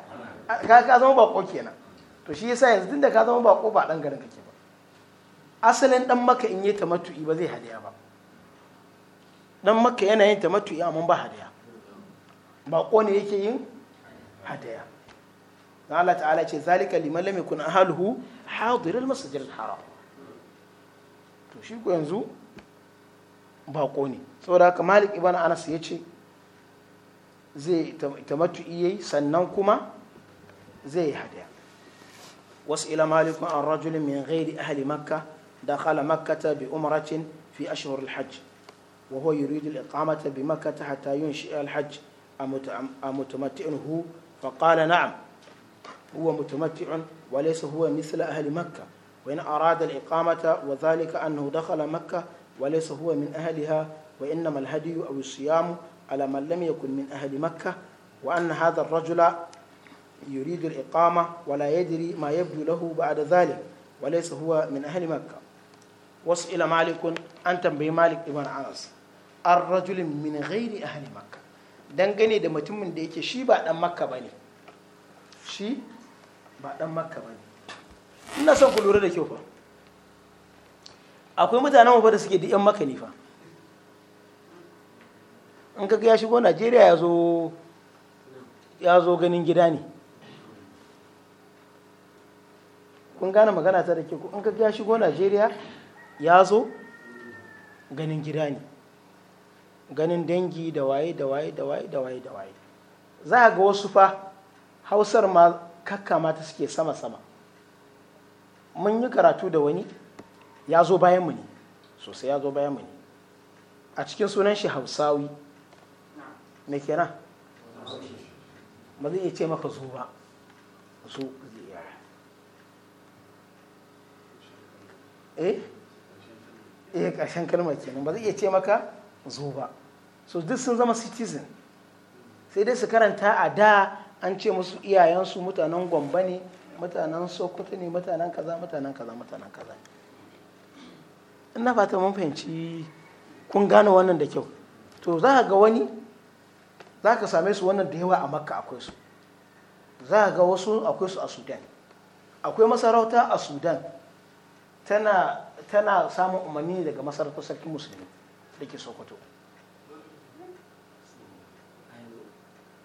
ka ka zama bako kenan to shi yasa yanzu tunda ka zama bako ba dan garin kake ba asalin dan maka in yi tamattu'i ba zai hadiya ba dan maka yana yin tamattu'i amma ba hadiya bako ne yake yin hadiya Allah ta'ala ce zalika liman lam yakun ahluhu hadirin hara haram to shi ko yanzu bako ne saboda haka malik ibn anas ya ce zai tamattu iya sannan kuma zai yi hadiya wasu ila malikun an rajulin min ghairi ahli makka da khala makkata bi umratin fi ashirar hajj wa huwa yuridu al-iqamata bi makkata hatta yunshi al-hajj a hu fa qala na'am هو متمتع وليس هو مثل أهل مكة وإن أراد الإقامة وذلك أنه دخل مكة وليس هو من أهلها وإنما الهدي أو الصيام على من لم يكن من أهل مكة وأن هذا الرجل يريد الإقامة ولا يدري ما يبدو له بعد ذلك وليس هو من أهل مكة وسئل مالك أنت بمالك ابن أنس الرجل من غير أهل مكة dangane da mutumin da yake shi ba dan makka ba ne shi ba dan makka ba ne ina son ku lura da kyau fa akwai mutanen mu da suke da yan makka ne fa in kaga ya shigo najeriya ya zo ya zo ganin gida ne kun gane magana ta da ke in kaga ya shigo najeriya ya zo ganin gida ne ganin dangi da waye da waye da waye da waye da waye za a ga wasu fa hausar ma kakka ta suke sama-sama mun yi karatu da wani ya zo bayan mu ne sosai ya zo bayan mu ne a cikin sunan shi hausawi na kenan ba zai iya ce maka zo ba zo zai eh eh ƙarshen kalmar kenan ba zai iya ce maka zo ba so duk sun zama citizen sai dai su karanta a da an ce musu iyayensu mutanen gwamba ne mutanen sokoto ne mutanen kaza mutanen kaza mutanen kaza ina fata mun fahimci kun gane wannan da kyau to za ka ga wani za ka same su wannan da yawa a makka akwai su za ka ga wasu akwai su a sudan akwai masarauta a sudan tana samun umarni daga masarautar sarki musulmi da ke sokoto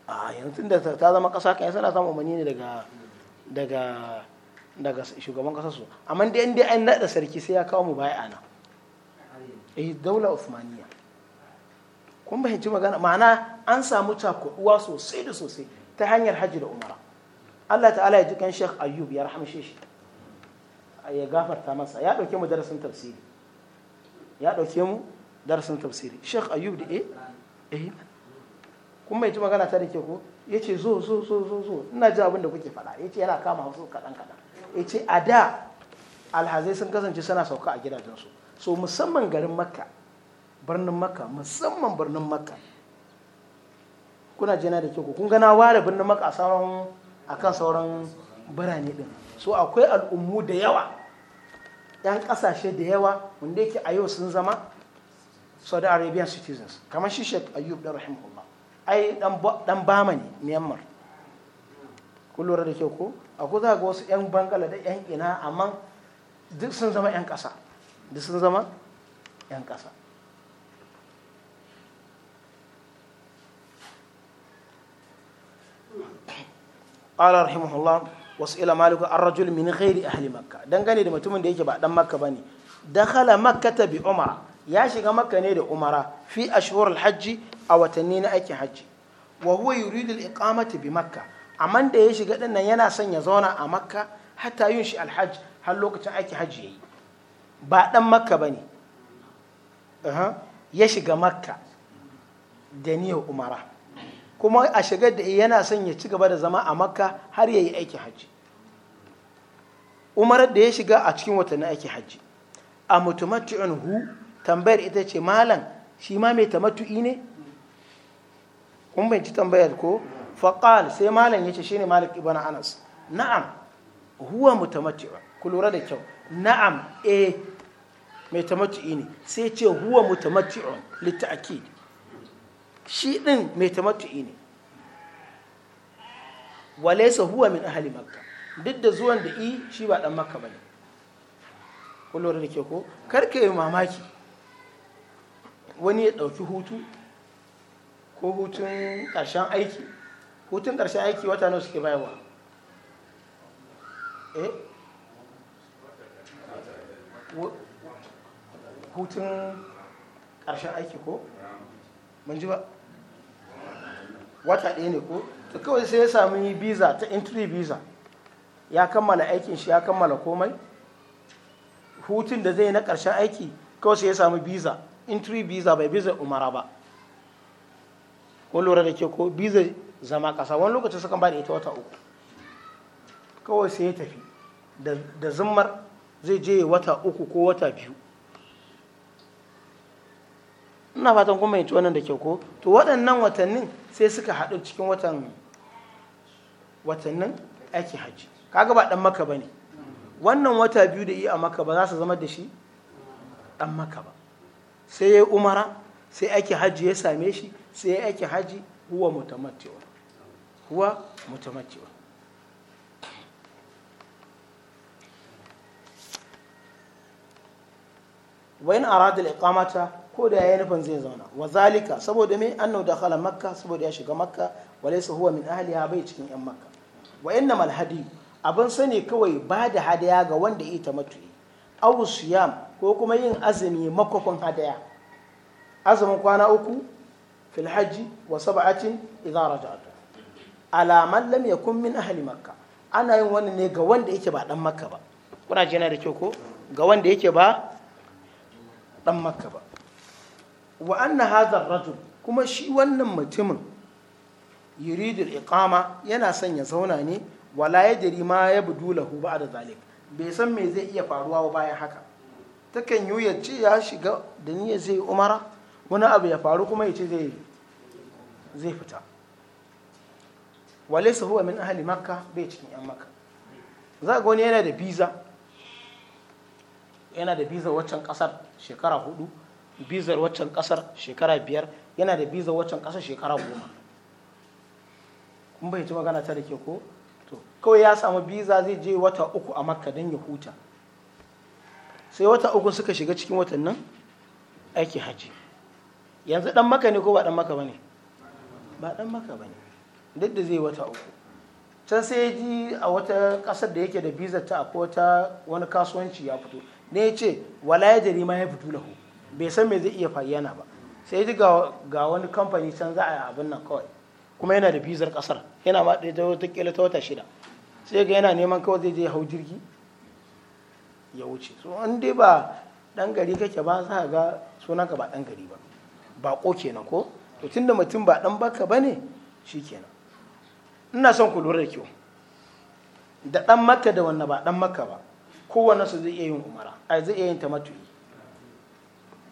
a yanzu da ta zama ƙasa kan na samun umarni ne daga daga daga shugaban ƙasar su amma dai inda an naɗa sarki sai ya kawo mu baya ana eh daula usmaniya kun fahimci magana ma'ana an samu cakuɗuwa sosai da sosai ta hanyar hajji da umara Allah ta'ala ya ji kan Sheikh Ayyub ya rahamshe shi ya gafarta masa ya ɗauke mu darasin tafsiri ya ɗauke mu darasin tafsiri Sheikh Ayyub da eh eh kun mai ci magana ta da ke ko ya ce zo zo zo zo zo ina ji abin da kuke faɗa ya ce yana kama su kaɗan kaɗan ya ce a da alhazai sun kasance suna sauka a gidajensu so musamman garin makka birnin makka musamman birnin makka kuna jina da ke ko kun gana ware birnin makka a sauran akan sauran birane din so akwai al'ummu da yawa yan kasashe da yawa wanda yake a yau sun zama saudi arabian citizens kamar shi sheikh ayyub da rahimahullah ai dan bama ne myanmar lura da kyau ko akwai za ga wasu 'yan bangala da 'yan ina amma duk sun zama 'yan kasa duk sun zama 'yan kasa. ƙala rahimahullah wasu ila maliku an rajul min ghairi ahli makka dangane da mutumin da yake ba dan makka ne dakhala makkata bi umara ya shiga makka ne da umara fi ashhur hajji a watanni na aikin hajji wa huwa yuridu al-iqamata bi makka amma da ya shiga dinnan yana son ya zauna a makka hatta yin shi har lokacin aikin hajji yayi ba dan makka bane ya shiga makka da niyyar umara kuma a shigar da yana son ya ci gaba da zama a makka har ya yi aikin hajji umarar da ya shiga a cikin watanni aikin hajji a mutumattu'in hu tambayar ita ce malam shi ma mai tamatu'i ne kun bai ci tambayar ko faqal sai malam ya ce shi ne malik ibana anas na'am huwa mutamatti ku lura da kyau na'am eh mai tamattu'i ne sai ce huwa mutamatti'un litta'kid shi din mai tamattu'i ne walaysa huwa min ahali makka duk da zuwan da i shi ba dan makka ne. ku lura da kyau ko karka yi mamaki wani ya dauki hutu ko hutun ƙarshen aiki hutun ƙarshen aiki wata nawa suke bayarwa eh? hutun ƙarshen aiki ko mun ji ba wata ɗaya ne ko ta kawai sai ya sami visa ta entry visa ya kammala aikin shi ya kammala komai hutun da zai na ƙarshen aiki kawai sai ya sami visa entry visa bai visa umara ba kun lura da ke ko biza zama kasa wani lokacin sukan ba da ita wata uku kawai sai ya tafi da zimmar zai je wata uku ko wata biyu ina fatan kuma yanci wannan da ke ko to waɗannan watannin sai suka haɗu cikin watannin aiki hajji kaga ba ɗan maka ba ne wannan wata biyu da yi a maka ba za su zama da shi ɗan maka ba sai ya yi umara sai aiki hajji ya same shi sai ya aiki haji huwa mutamatti'un huwa mutamatti'un wa in arada al-iqamata ko da yayi nufin zai zauna wa zalika saboda me annahu dakhala makka saboda ya shiga makka wa laysa huwa min ahliha bai cikin yan makka wa innamal hadi abin sani kawai ba da hadaya ga wanda ita matuyi aw siyam ko kuma yin azumi makofin hadaya azumin kwana uku fil hajji wa sab'atin idza raja'tu ala man lam yakun makka ana yin wani ne ga wanda yake ba dan ba kuna ji da kyau ko ga wanda yake ba dan makka ba wa anna hadha kuma shi wannan mutumin yuridul iqama yana son ya zauna ne wala yadri ma yabdu lahu da zalik bai san me zai iya faruwa ba bayan haka takan yi ya ya shiga da ni niyyar zai umara wani abu ya faru kuma ya ce zai zai fita wale su huwa min ahali makka bai cikin 'yan makka za ga wani yana da biza yana da biza waccan kasar shekara hudu bizar waccan kasar shekara biyar yana da biza waccan kasar shekara goma kun bai ci magana ta da ke ko to kawai ya samu biza zai je wata uku a makka don ya huta sai wata uku suka shiga cikin watannin aiki hajji yanzu dan maka ne ko ba dan maka ba ne ba dan maka ba ne duk da zai wata uku can sai ya ji a wata ƙasar da yake da biza ta ko ta wani kasuwanci ya fito ne ya ce wala ya jari ma ya fito lahu bai san me zai iya fayyana ba sai ya ji ga wani kamfani can za a yi abin nan kawai kuma yana da bizar ƙasar yana ma da ta ƙila ta wata shida sai ga yana neman kawai zai je hau jirgi ya wuce so an dai ba ɗan gari kake ba za ga sunanka ba ɗan gari ba baƙo kenan ko to tunda mutum ba dan baka bane shikenan ina son ku lura da kyau da dan maka da wannan ba dan maka ba kowanne su zai iya yin umara ai zai iya yin tamattu'i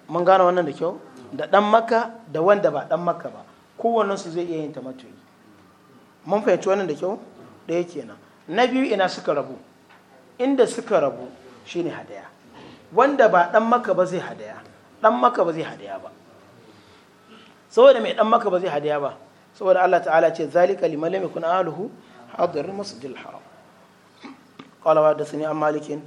mun gane wannan da kyau da dan maka da wanda ba dan maka ba kowanne su zai iya yin tamattu'i mun fahimci wannan da kyau da yake nan na biyu ina suka rabu inda suka rabu shine hadaya wanda ba dan maka ba zai hadaya dan maka ba zai hadaya ba saboda mai dan maka ba zai hadiya ba saboda Allah ta'ala ce zalika liman lam yakun ahluhu hadir masjidil haram qala wa hadathani an malikin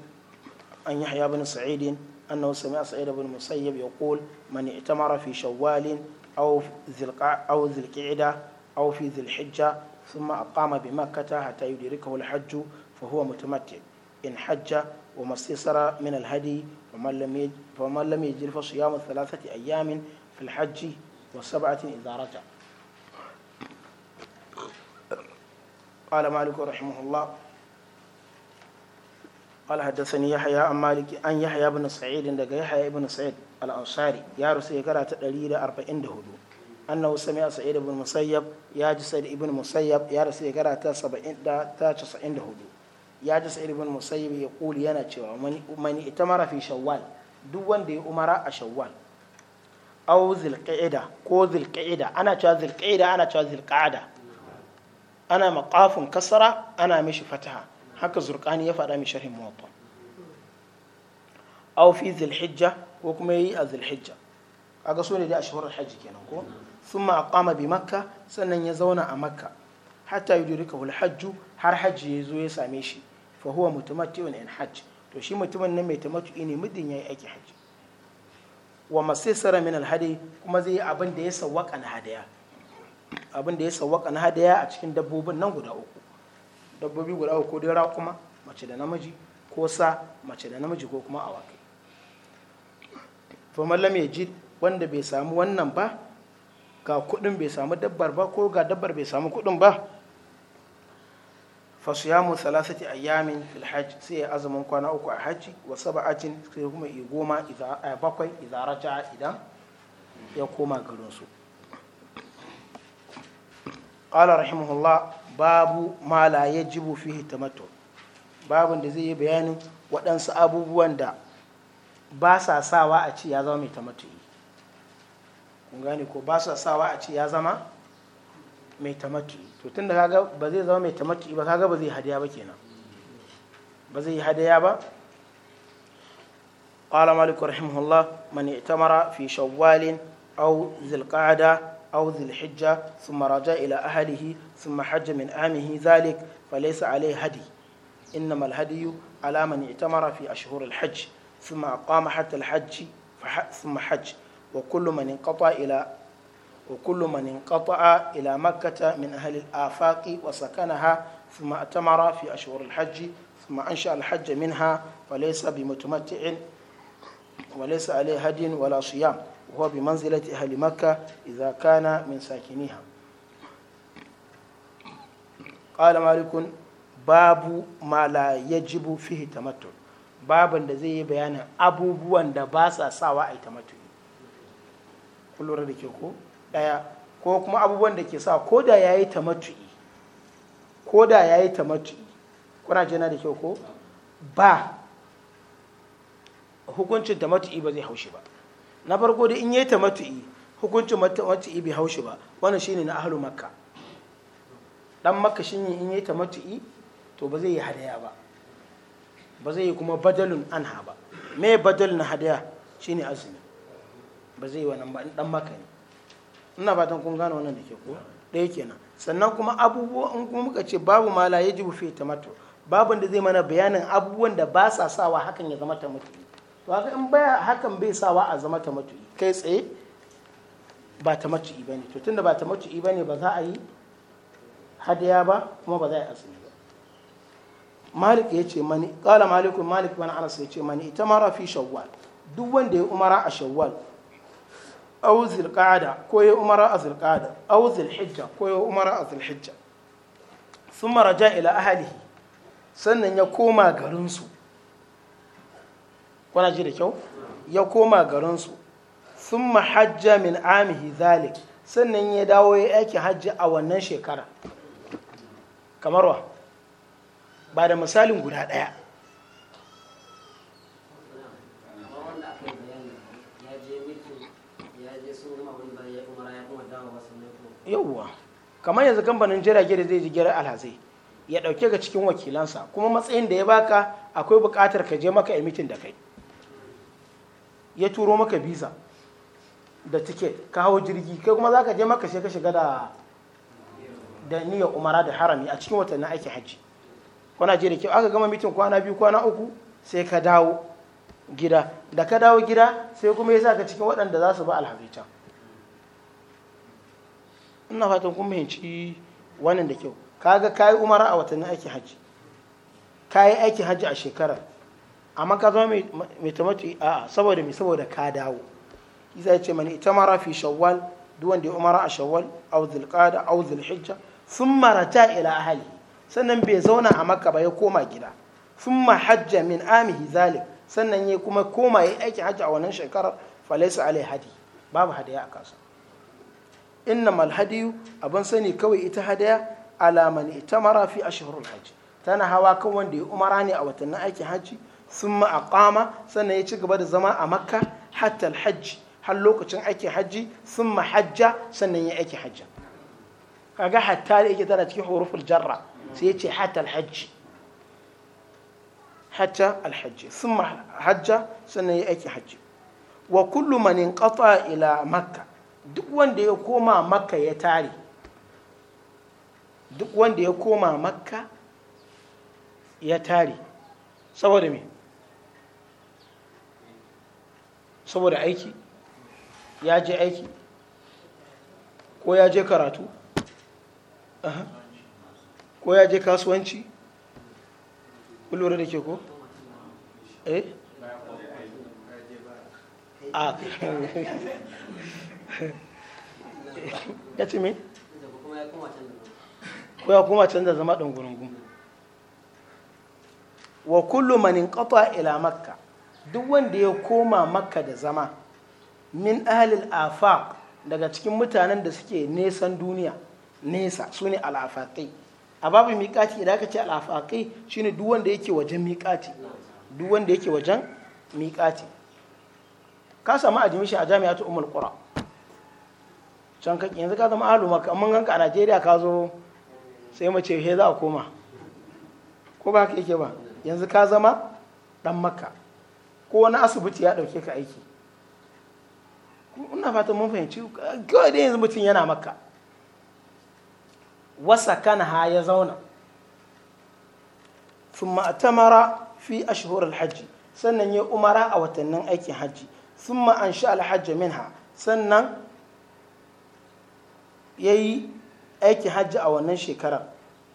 an yahya bin sa'id annahu sami'a sa'id bin musayyib yaqul man i'tamara fi shawwal aw zilqa aw zilqa'da aw fi zilhijja thumma aqama bi makkah hatta yudrikahu alhajj fa huwa mutamatti in hajja wa استيسر min الهدي فمن لم يجد فمن لم يجد فصيام ثلاثة أيام في الحج وسبعة إذا رجع قال مالك رحمه الله قال حدثني يحيى عن مالك أن يحيى بن سعيد دقى يحيى بن سعيد الأنصاري يا رسول كرة تدليل أربعين دهدو أنه سمع سعيد بن مسيب يا سعيد بن مسيب يا رسول كرة تسبعين دا تسعين دهدو يا سعيد بن مسيب يقول يانا تشوى من اتمر في شوال دو وان دي أمرا شوال au zilƙa'ida ko zilƙa'ida ana cewa zilƙa'ida ana cewa zilƙa'ada ana maƙafin kasara ana mishi fataha haka zurƙani ya faɗa mishi sharhin muwatta au fi zilhijja ko kuma yi a zilhijja kaga so ne dai a shawarar hajji kenan ko sun ma aqama bi makka sannan ya zauna a makka hatta yudrika wal hajju har hajji ya zo ya same shi fa huwa mutamatti'un in hajj to shi mutumin nan mai tamattu'i ne muddin yayi aiki hajji wa masisara min alhadi kuma zai yi abin da ya sawwaka na hadaya abin ya sawwaka na hadaya a cikin dabbobin nan guda uku dabbobi guda uku ko dira kuma mace da namiji ko sa mace da namiji ko kuma awakai fama lam ya wanda bai samu wannan ba ga kudin bai samu dabbar ba ko ga dabbar bai samu kudin ba fa salasati thalathati ayamin fil hajj sai ya azumin kwana uku a hajji wa sab'atin sai kuma i goma a bakwai idza raja'a idan ya koma garin su qala rahimahullah babu ma la yajibu fihi tamattu babun da zai yi bayanin waɗansu abubuwan da ba sa sawa a ci ya zama mai tamattu kun gane ko ba sa sawa a ci ya zama mai kaga ba zama mai tamati ba kaga ba zai hadiya ba kenan bazai yi hadiya ba qala malik rahimahullah man i'tamara fi shawwal aw zilqa'da aw zilhijja thumma ila ahlihi thumma min amihi zalik falaysa alayhi hadi انما الهدي على من اعتمر في اشهر الحج ثم اقام حتى وكل من انقطع إلى مكة من أهل الآفاق وسكنها ثم أتمر في أشهر الحج ثم أنشأ الحج منها فليس بمتمتع وليس عليه هدي ولا صيام وهو بمنزلة أهل مكة إذا كان من ساكنيها قال مالك باب ما لا يجب فيه التمتع babin da zai yi bayanin abubuwan da ba sa sawa a yi tamattu'i kullum da ke ko ɗaya ko kuma abubuwan da ke sa ko da ya yi ta matu'i ko da ya yi ta matu'i kuna jina da kyau ko ba hukuncin matu'i ba zai haushi ba na farko da in yi ta matu'i hukuncin matu'i bai haushi ba wannan shine na ahalu makka dan makka shi ne in yi ta matu'i to ba zai yi hadaya ba ba zai yi kuma badalun anha ba me badalun hadaya shine azumi ba zai yi wannan ba dan makka ne ina fatan kun gane wannan da ke ko ɗaya kenan sannan kuma abubuwa in kuma muka ce babu ma la yajibu fi tamattu babun da zai mana bayanin abubuwan da ba sa sawa hakan ya zama tamattu to haka in baya hakan bai sawa a zama tamattu kai tsaye ba tamattu bane to tunda ba tamattu bane ba za a yi hadiya ba kuma ba za a yi azumi ba malik ya ce mani kala malikun malik bin anas ya ce mani itamara fi shawwal duk wanda ya umara a shawwal auzil zilƙada ko ya umara a zilƙada auzil zilhijja ko ya umara a zilhijja sun mara maraja ila ahalihi sannan ya koma garinsu kuna ji da kyau ya koma garinsu sun ma mahajja min amihi zalik sannan ya dawo ya aiki hajji a wannan shekara kamar wa ba da misalin guda daya. yauwa kamar yanzu kamfanin jirage da zai ji girar alhazai ya dauke ga cikin wakilansa kuma matsayin da ya baka akwai bukatar ka je maka emitin da kai ya turo maka visa da tiket ka hau jirgi kai kuma za ka je maka sai ka shiga da da niyyar umara da harami a cikin watannin aiki hajji kwana je da kyau aka gama mitin kwana biyu kwana uku sai ka dawo gida da ka dawo gida sai kuma ya sa ka cikin waɗanda za su ba alhazai can ina fatan kun fahimci wannan da kyau kaga kayi umara a watannin aikin hajji kayi aiki hajji a shekarar amma ka zama mai tamatu a saboda mai saboda ka dawo isa ya ce mani ita mara fi shawwal duk wanda ya umara a shawwal aw zulqada aw zulhijja sun marata ila ahli sannan bai zauna a maka ba ya koma gida ma hajja min amihi zalik sannan ya kuma koma ya aikin hajji a wannan shekarar falaisa alai hadi babu hadaya a kasuwa inna malhadiyu abin sani kawai ita hadaya alamani ita mara fi a shahurul hajji tana hawa kan wanda ya umara ne a watannin aikin hajji sun ma ma'aƙama sannan ya ci gaba da zama a makka hatta hajji har lokacin aikin hajji sun ma hajja sannan ya aiki hajja kaga hatta da yake tana cikin huruful jarra sai ya ce hatta hajji hatta alhajji sun ma hajja sannan ya aiki hajji wa kullu man inqata ila makka duk wanda ya koma makka ya tare duk wanda ya koma makka ya tare saboda me saboda aiki ya je aiki ko ya je karatu ko ya je kasuwanci lura da ke ko? eh? a ya ce mai? ko ya kuma canza zama ɗan gurungun wa kullum manin ƙafa ila makka duk wanda ya koma makka da zama min ahalil afaq daga cikin mutanen da suke nesan duniya nesa su ne al'afaƙai a babu miƙaci idan aka ce al'afaƙai ne duk wanda yake wajen miƙaci duk wanda yake wajen miƙaci ka samu shi a jami'atu umar qura can ka yanzu ka zama alu maka amma ganka a Najeriya ka zo sai mace he za a koma ko ba haka yake ba yanzu ka zama dan maka ko wani asibiti ya dauke ka aiki ina fatan mun fahimci kawai dai yanzu mutum yana maka wasa kan ha ya zauna ثم hajji sannan ya umara a watannin aikin hajji أيكي حج ثم أنشأ min ha sannan. ya yi aiki hajji a wannan shekarar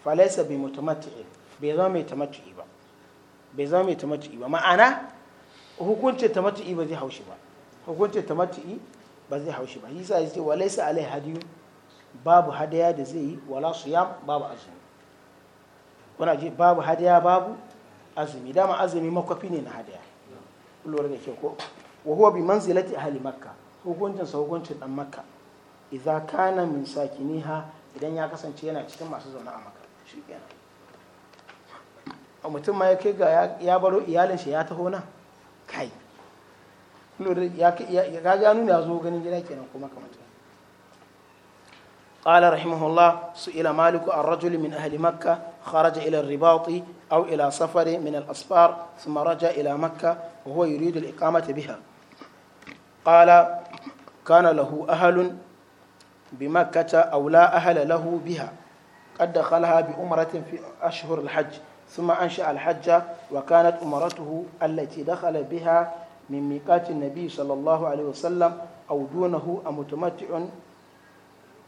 falaisa bai mutamati'i bai zama mai tamati'i ba bai zama mai tamati'i ba ma'ana hukuncin tamati'i ba zai haushi ba hukuncin tamati'i ba zai haushi ba yasa ya ce walaisa alai hadiyu babu hadaya da zai yi wala su yam babu azumi wani ji babu hadaya babu azumi dama azumi makwafi ne na hadaya lura da ke ko wa huwa bi manzilati ahli makka hukuncin sa hukuncin dan makka idza kana min sakiniha idan ya kasance yana cikin masu zaune a maka shi kenan mutum ma ya kai ga ya baro iyalin shi ya taho nan kai ya ga gano ya zo ganin gida kenan kuma kamata قال رحمه الله سئل مالك عن رجل من أهل مكة خرج إلى الرباط أو إلى سفر من الأسفار ثم رجع إلى مكة وهو يريد الإقامة بها قال كان له أهل بمكة أو لا أهل له بها قد دخلها بأمرة في أشهر الحج ثم أنشأ الحج وكانت أمرته التي دخل بها من ميقات النبي صلى الله عليه وسلم أو دونه أمتمتع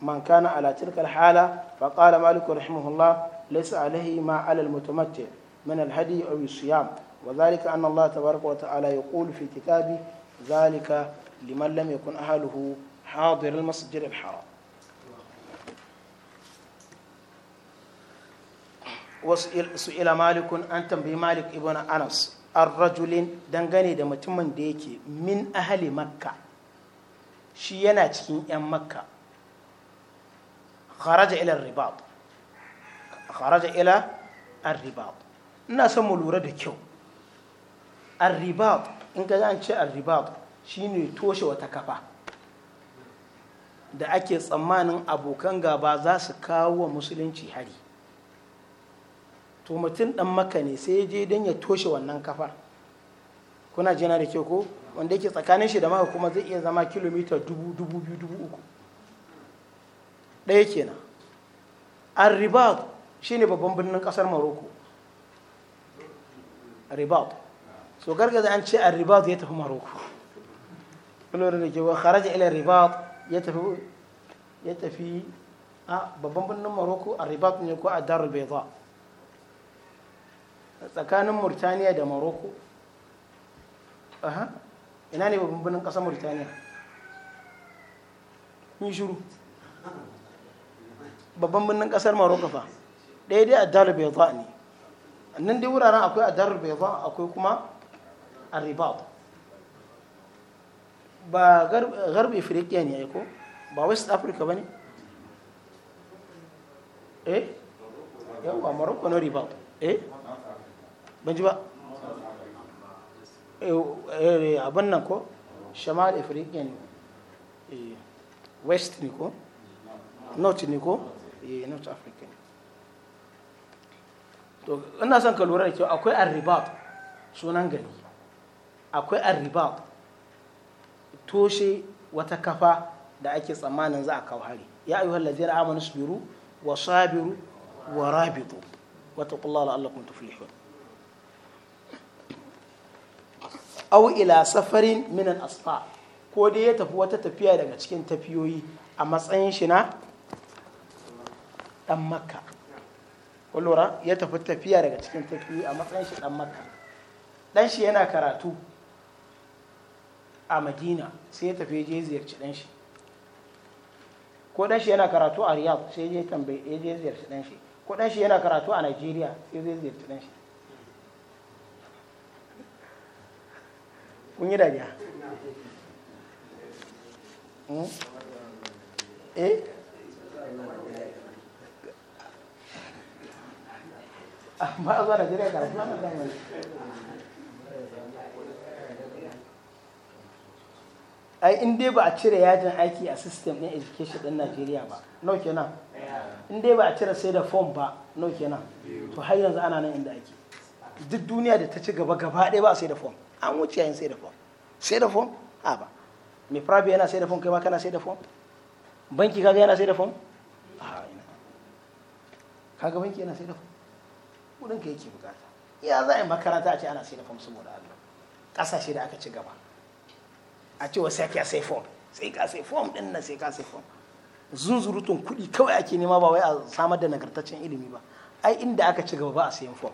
من كان على تلك الحالة فقال مالك رحمه الله ليس عليه ما على المتمتع من الهدي أو الصيام وذلك أن الله تبارك وتعالى يقول في كتابه ذلك لمن لم يكن أهله حاضر المسجد الحرام wasu ila malikun an tambayi malik ibn anas an rajulin dangane da mutumin da yake min ahali makka shi yana cikin 'yan makka kharaja ila ribab kharaja ila ribab ina son mu lura da kyau arribab in ka an ce ribab shine toshe wata kafa da ake tsammanin abokan gaba za su kawo wa musulunci hari to mutum dan maka ne sai ya je don ya toshe wannan kafar kuna jina da ke ko wanda yake tsakanin shi da maka kuma zai iya zama kilomita dubu dubu biyu dubu uku ɗaya kenan an ribat ne babban birnin ƙasar maroko ribat so gargaza an ce an ribat ya tafi maroko kulori da ke wa kharaja ila ribat ya tafi ya tafi a babban birnin maroko a ribat ne ko a darul bayda tsakanin murtaniya da morocco aha ina ne babban birnin murtaniya kun shuru babban birnin ƙasar morocco fa ɗaya dai a dalar bai ne nan dai wuraren akwai adar baiza akwai kuma arribat ba garbe afirka ne aiko ba west africa ba ne eh yawwa morocco no ribat eh ban ji ba eh, eh, abin nan ko shamal afirka ne eh, west ne ko north ne ko north africa ne to ina son ka lura da kyau akwai arribat sunan gari akwai arribat toshe wata kafa da ake tsammanin za a kawo hari ya ayyuhal ladzina amanu sabiru wa sabiru wa rabitu wa taqullaha la'allakum tuflihun au ila safarin minan asfa ko dai ya tafi wata tafiya daga cikin tafiyoyi a matsayin shi na dan makka lura ya tafi tafiya daga cikin tafiyoyi a matsayin shi dan makka dan shi yana karatu a madina sai ya tafi je ziyarci dan shi ko dan shi yana karatu a riyadh sai ya je tambaye ya je ziyarci dan shi ko dan shi yana karatu a najeriya sai ya ziyarci dan shi kun yi dariya hmm? eh a zuwa najeriya ai in dai ba a cire yajin aiki a system na education din najeriya ba no kenan in dai ba a cire sai da form ba no kenan to har yanzu ana nan inda ake duk duniya da ta ci gaba gaba ɗaya ba a sai da form an wuce yin sai da fom sai da fom a ba mai private yana sai da fom kai ma kana sai da fom banki kaga yana sai da fom a ina kaga banki yana sai da fom kudin ka yake bukata ya za a yi makaranta a ce ana sai da fom saboda Allah kasashe da aka ci gaba a ce wasu yake sai fom sai ka sai fom din nan sai ka sai fom zunzurutun kuɗi kawai ake nema ba wai a samar da nagartaccen ilimi ba ai inda aka ci gaba ba a sayan fom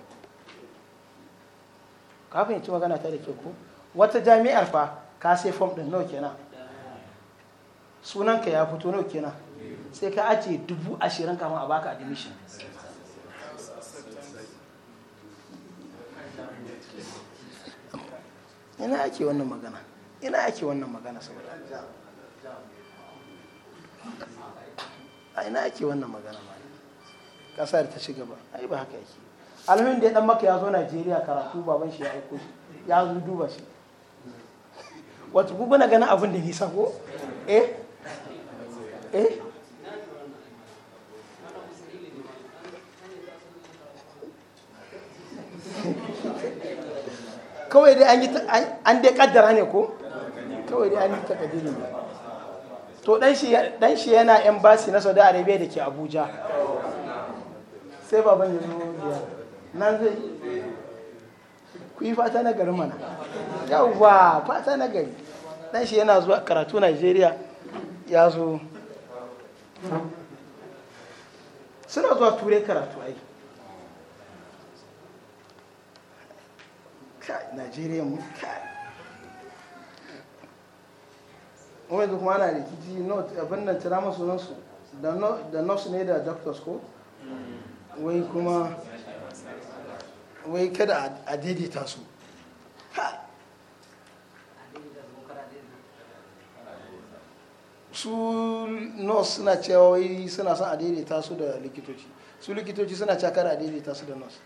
ka fahimci magana ta da ke ku wata jami'ar fa ka sai fom ɗin nawa kenan sunanka ya fito nawa kenan sai ka ajiye dubu ashirin kama a baka admission ina ake wannan magana ina ake wannan magana saboda a ina ake wannan magana ma kasar ta ci gaba ai ba haka yake alhuin da ya dan maka ya zo najeriya karatu baban shi ya aiko shi ya zo duba shi wato ku na ganin abin da nisa ko eh eh kawai dai an yi an dai kaddara ne ko kawai dai an yi takadiri ne to dan shi yana embassy na Saudi Arabia da ke Abuja sai baban ya zo ziyara nan zai ku yi fata na gari mana yawwa fata na gari dan shi yana zuwa karatu Najeriya ya zo suna zuwa turai karatu ai kai Najeriya mu kai wani duk mana rikici note abin nan tira masu nan su da nurse ne da doctors ko wai kuma wai kada a daidaita su su nurse suna cewa wai suna son a daidaita su da likitoci su likitoci suna cewa kada a daidaita su da nurse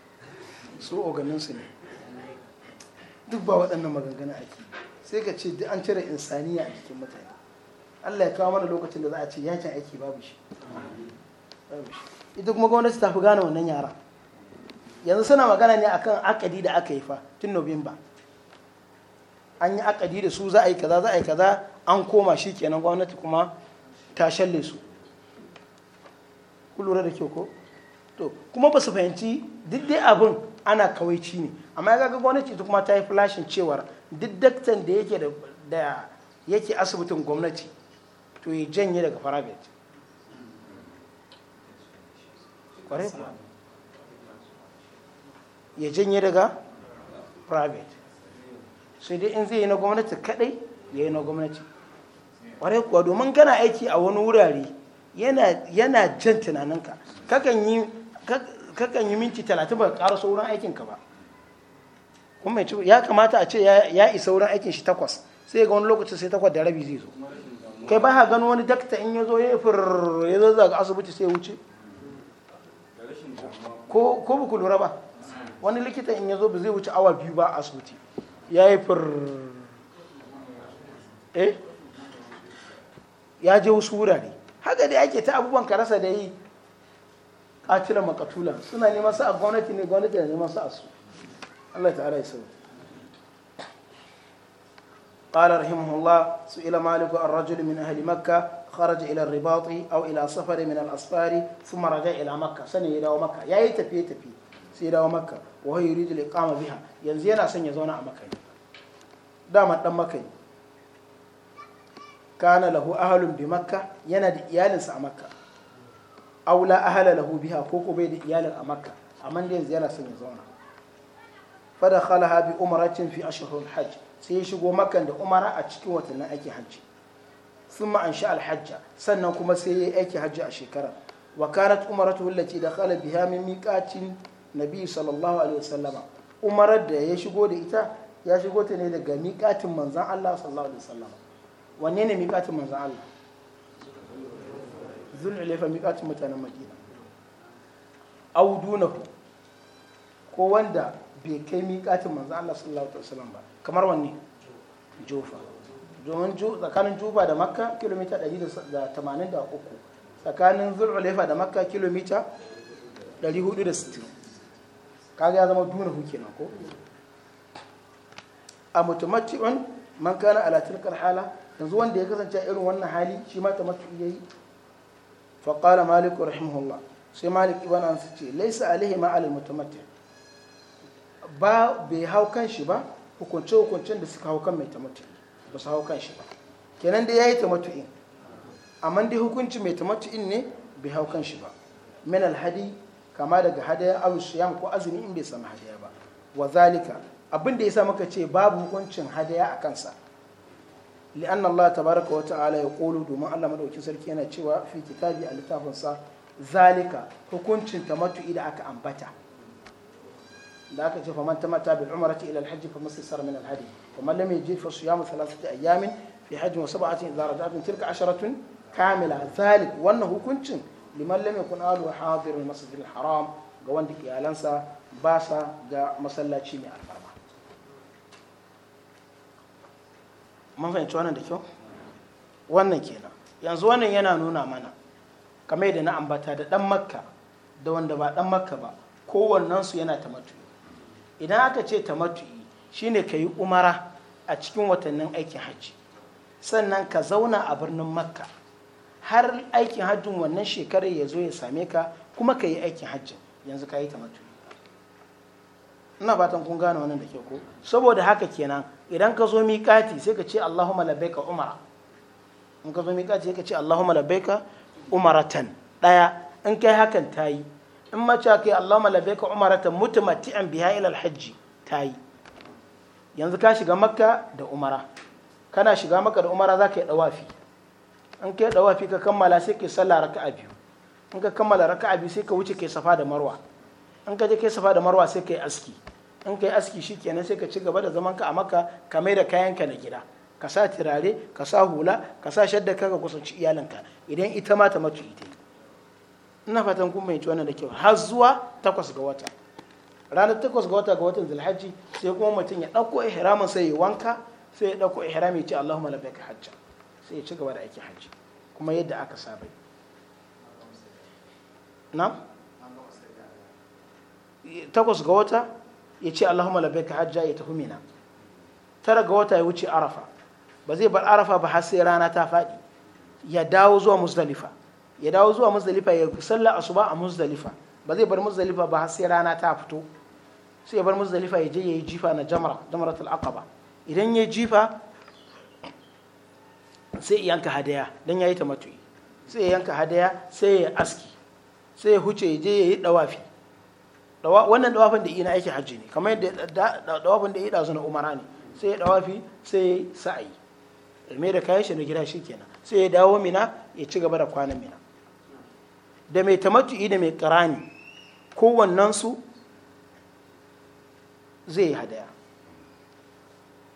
su oganinsu ne duk ba waɗannan maganganu ake sai ka ce duk an cire insaniya a cikin mutane allah ya kawo mana lokacin da za a ce yakin aiki babu shi ita kuma gwamnati ta fi gane wannan yara yanzu suna magana ne akan akadi da aka yi fa tun nobimba an yi akadi da su za a yi kaza za a yi kaza an koma shi kenan gwamnati kuma ta shalle su kulura da kyau ko to kuma ba su fahimci duk abin ana kawaici ne amma ya ga gwamnati ita kuma ta yi flashin cewar duk daktan da yake da yake asibitin gwamnati to ya janye daga farabet ya janye daga private sai dai in zai yi na gwamnati kadai ya yi na gwamnati ware kuwa domin gana aiki a wani wurare yana jan tunaninka kakan yi minti talatin ba ƙara sauran aikinka ba kuma ya kamata a ce ya isa wurin aikin shi takwas sai ga wani lokacin sai takwas da rabi zai zo kai ba ha gano wani dakta in ya zo ya fir ya zo zaga asibiti sai wuce ko ba ku lura ba wani likita in ya zo ba zai wuce awa biyu ba a asibiti ya yi fir eh ya je wasu wurare haka dai ake ta abubuwan karasa da yi katila makatula suna neman su a gwamnati ne gwamnati da neman su a su Allah ta'ala ya sauya قال رحمه الله سئل مالك الرجل من أهل مكة خرج إلى الرباط أو إلى سفر من الأسفار ثم رجع إلى مكة سنة إلى مكة يا tafiye-tafiye. sai dawo makka wa rijil ya liqama biha yanzu yana son ya zauna a makka dama dan makka kana lahu ahalun bi makka yana da iyalinsa a makka aula ahala lahu biha ko ko bai da iyalin a makka amma da yanzu yana son ya zauna fada khalaha bi Umar,acin fi ashhurul hajj sai ya shigo makka da umara a cikin watannin aiki hajji thumma ansha al hajja sannan kuma sai ya aiki hajji a shekara wa kanat umaratu allati dakhala biha min miqatin nabi sallallahu alaihi wasallama umarar da ya shigo da ita ya shigo ta ne daga miƙatin manzan Allah sallallahu alaihi wasallama wanne ne miƙatin manzan Allah zulhulefa miƙatin mutanen madina ku ko wanda bai kai miƙatin manzan Allah sallallahu alaihi wasallam ba kamar wanne jofa domin tsakanin jofa da makka kilomita 183 tsakanin zulhulefa da makka kilomita 460 kaga ya zama duna hukin kenan ko a mutamatti'un man kana ala tilkal hala yanzu wanda ya kasance irin wannan hali shi ma tamattu yayi fa qala malik rahimahullah sai malik ibn anas ce laysa alaihi ma al mutamatti ba bai hau kan shi ba hukunce hukuncen da suka hau kan mai tamattu ba su hau kan shi ba kenan dai yayi tamattu'in amma dai hukunci mai tamattu'in ne bai hau kan shi ba min al hadi kama daga hadaya aw ko azumi in bai samu hadaya ba wa zalika abin da sa muka ce babu hukuncin hadaya a kansa li'anna Allah tabaraka wa ta'ala ya qulu domin Allah madaukakin sarki yana cewa fi kitabi a littafinsa zalika hukuncin tamattu'i da aka ambata da aka ce fa man tamatta bil umrati ila al hajj fa mastasar min al hadi wa man lam yajid fa siyamu thalathati ayamin fi hajj wa sab'atin idza raja'tum tilka asharatun kamila zalik wannan hukuncin liman lam yakun ahlu hadir masjid haram ga wanda iyalansa ba sa ga masallaci mai alfarma mun fahimci wannan da kyau wannan kenan yanzu wannan yana nuna mana kamar da na ambata da dan makka da wanda ba dan makka ba su yana tamatu idan aka ce tamattu'i shine ka yi umara a cikin watannin aikin hajji sannan ka zauna a birnin makka har aikin hajjin wannan shekarar ya zo ya same ka kuma ka yi aikin hajjin yanzu ka yi ta matu ina fatan kun gane wannan da ke ko saboda haka kenan idan ka zo miƙati sai ka ce allahumma labbaika umara in ka zo miƙati sai ka ce allahumma labbaika umaratan ɗaya in kai hakan ta yi in mace ka yi allahumma labbaika umaratan mutumati'an biha ila alhajji ta yi yanzu ka shiga makka da umara kana shiga makka da umara za ka yi ɗawafi in ka yi dawafi ka kammala sai kai sallah a biyu in ka kammala raka a biyu sai ka wuce kai safa da marwa in ka je kai safa da marwa sai ka yi aski in ka yi aski shikenan sai ka ci gaba da zaman ka a maka ka mai da kayanka na gida ka sa turare ka sa hula ka sa shadda ka ka kusanci ka idan ita ma ta mace ita ina fatan kun mai wannan da kyau har zuwa takwas ga wata ranar takwas ga wata ga watan zulhajji sai kuma mutum ya ɗauko ihramin sai ya wanka sai ya ɗauko ihrami ya ce allahumma labbaika hajja sai ya ci gaba da aikin hajji kuma yadda aka saba na takwas ga wata ya ce allahumma labbaika hajja ya tafi mina tara ga wata ya wuce arafa ba zai bar arafa ba har sai rana ta faɗi ya dawo zuwa musdalifa ya dawo zuwa musdalifa ya salla asuba a musdalifa ba zai bar musdalifa ba har sai rana ta fito sai ya bar musdalifa ya je ya yi jifa na jamra jamratul aqaba idan ya jifa sai ya yanka hadaya don ya yi ta matuyi sai ya yanka hadaya sai ya aski sai ya huce ya je ya yi dawafi wannan dawafin da ina yake hajji ne kamar yadda dawafin da ya ɗazu na umara ne sai ya dawafi sai ya sa'ayi mai da kayan shi na gida shi kenan sai ya dawo mina ya ci gaba da kwanan mina da mai ta matuyi da mai karani kowannensu zai yi hadaya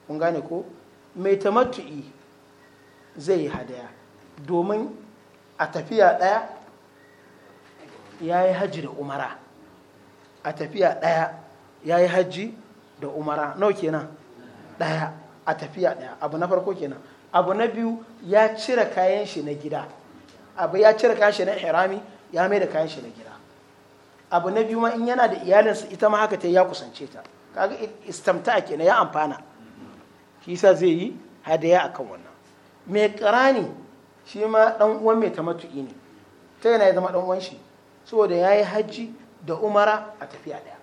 kun gane ko mai matu'i. zai yi hadaya domin a tafiya ɗaya ya yi hajji da umara a tafiya ɗaya ya yi hajji da umara nau kenan ɗaya a tafiya ɗaya abu na farko kenan abu na biyu ya cire kayan shi na gida abu ya cire kayan shi na hirami ya mai da kayan shi na gida abu na biyu ma in yana da iyalinsa ita ma haka ta ya kusance ta kaga istamta kenan ya amfana Kisa zai yi hadaya akan wannan mai ƙirani shi ma ɗan uwan mai ne ta yana ya zama dan uwan shi saboda ya yi hajji da umara a tafiya ɗaya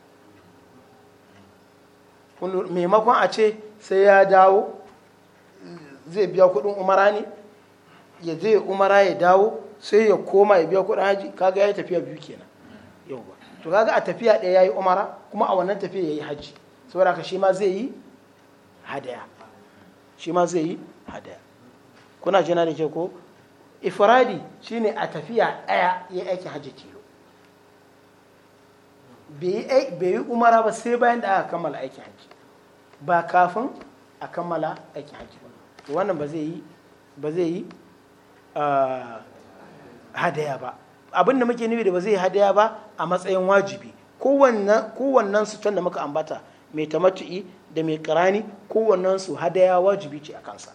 maimakon a ce sai ya dawo zai biya kuɗin umara ne ya zai umara ya dawo sai ya koma ya biya kuɗin haji kaga ya yi tafiya biyu kenan ba. to kaga a tafiya ɗaya ya yi umara kuma a wannan tafiya ya yi hajji, saboda ka zai yi hadaya shi ma zai yi hadaya kuna jina da ke ko ifradi shine a tafiya ɗaya ya aiki hajji tilo bai yi umara ba sai bayan da aka kammala aiki hajji ba kafin a kammala aiki hajji ba wannan ba zai yi hadaya ba abin da muke nufi da ba zai yi hadaya ba a matsayin wajibi kowannan su can da muka ambata mai tamatu'i da mai karani kowannan su hadaya wajibi ce a kansa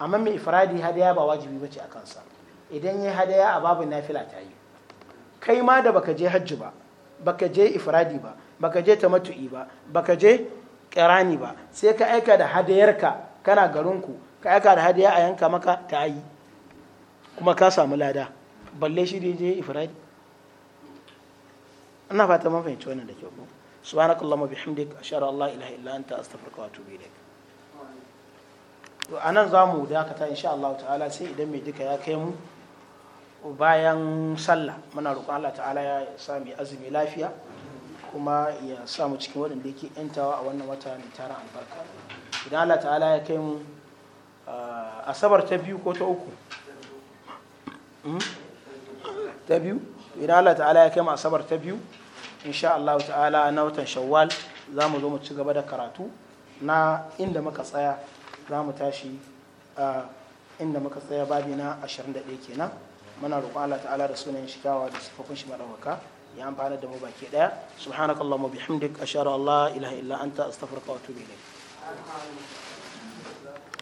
amma mai ifradi hadaya ba wajibi bace a kansa idan yi hadaya a babu nafila ta yi kai ma da baka je hajji ba baka je ifradi ba baka je tamatu'i ba baka je kirani ba sai ka aika da hadayarka kana garinku ka aika da hadaya a yanka maka ta yi kuma ka samu lada balle shi da je ifradi ina fata mun fahimci wannan da kyau subhanakallahumma bihamdika ashhadu an la ilaha illa anta astaghfiruka wa atubu ilaik to a nan za mu dakata insha Allah ta'ala sai idan mai duka ya kai mu bayan sallah muna roƙon Allah ta'ala ya sami azumi lafiya kuma ya samu cikin waɗanda yake yantawa a wannan wata mai tara albarka idan Allah ta'ala ya kai mu ah, asabar ta biyu ko ta uku hmm? ta biyu idan Allah ta'ala ya kai mu asabar ta biyu insha Allah ta'ala na watan shawwal za mu zo mu ci gaba da karatu na inda muka tsaya za mu tashi inda muka tsaya babi na 21 kenan muna roƙon Allah ta'ala da sunayen shikawa da sifofin shi madawaka ya amfana da mu baki ɗaya subhanakallahumma bihamdik ashhadu an la ilaha illa anta astaghfiruka wa atubu ilayk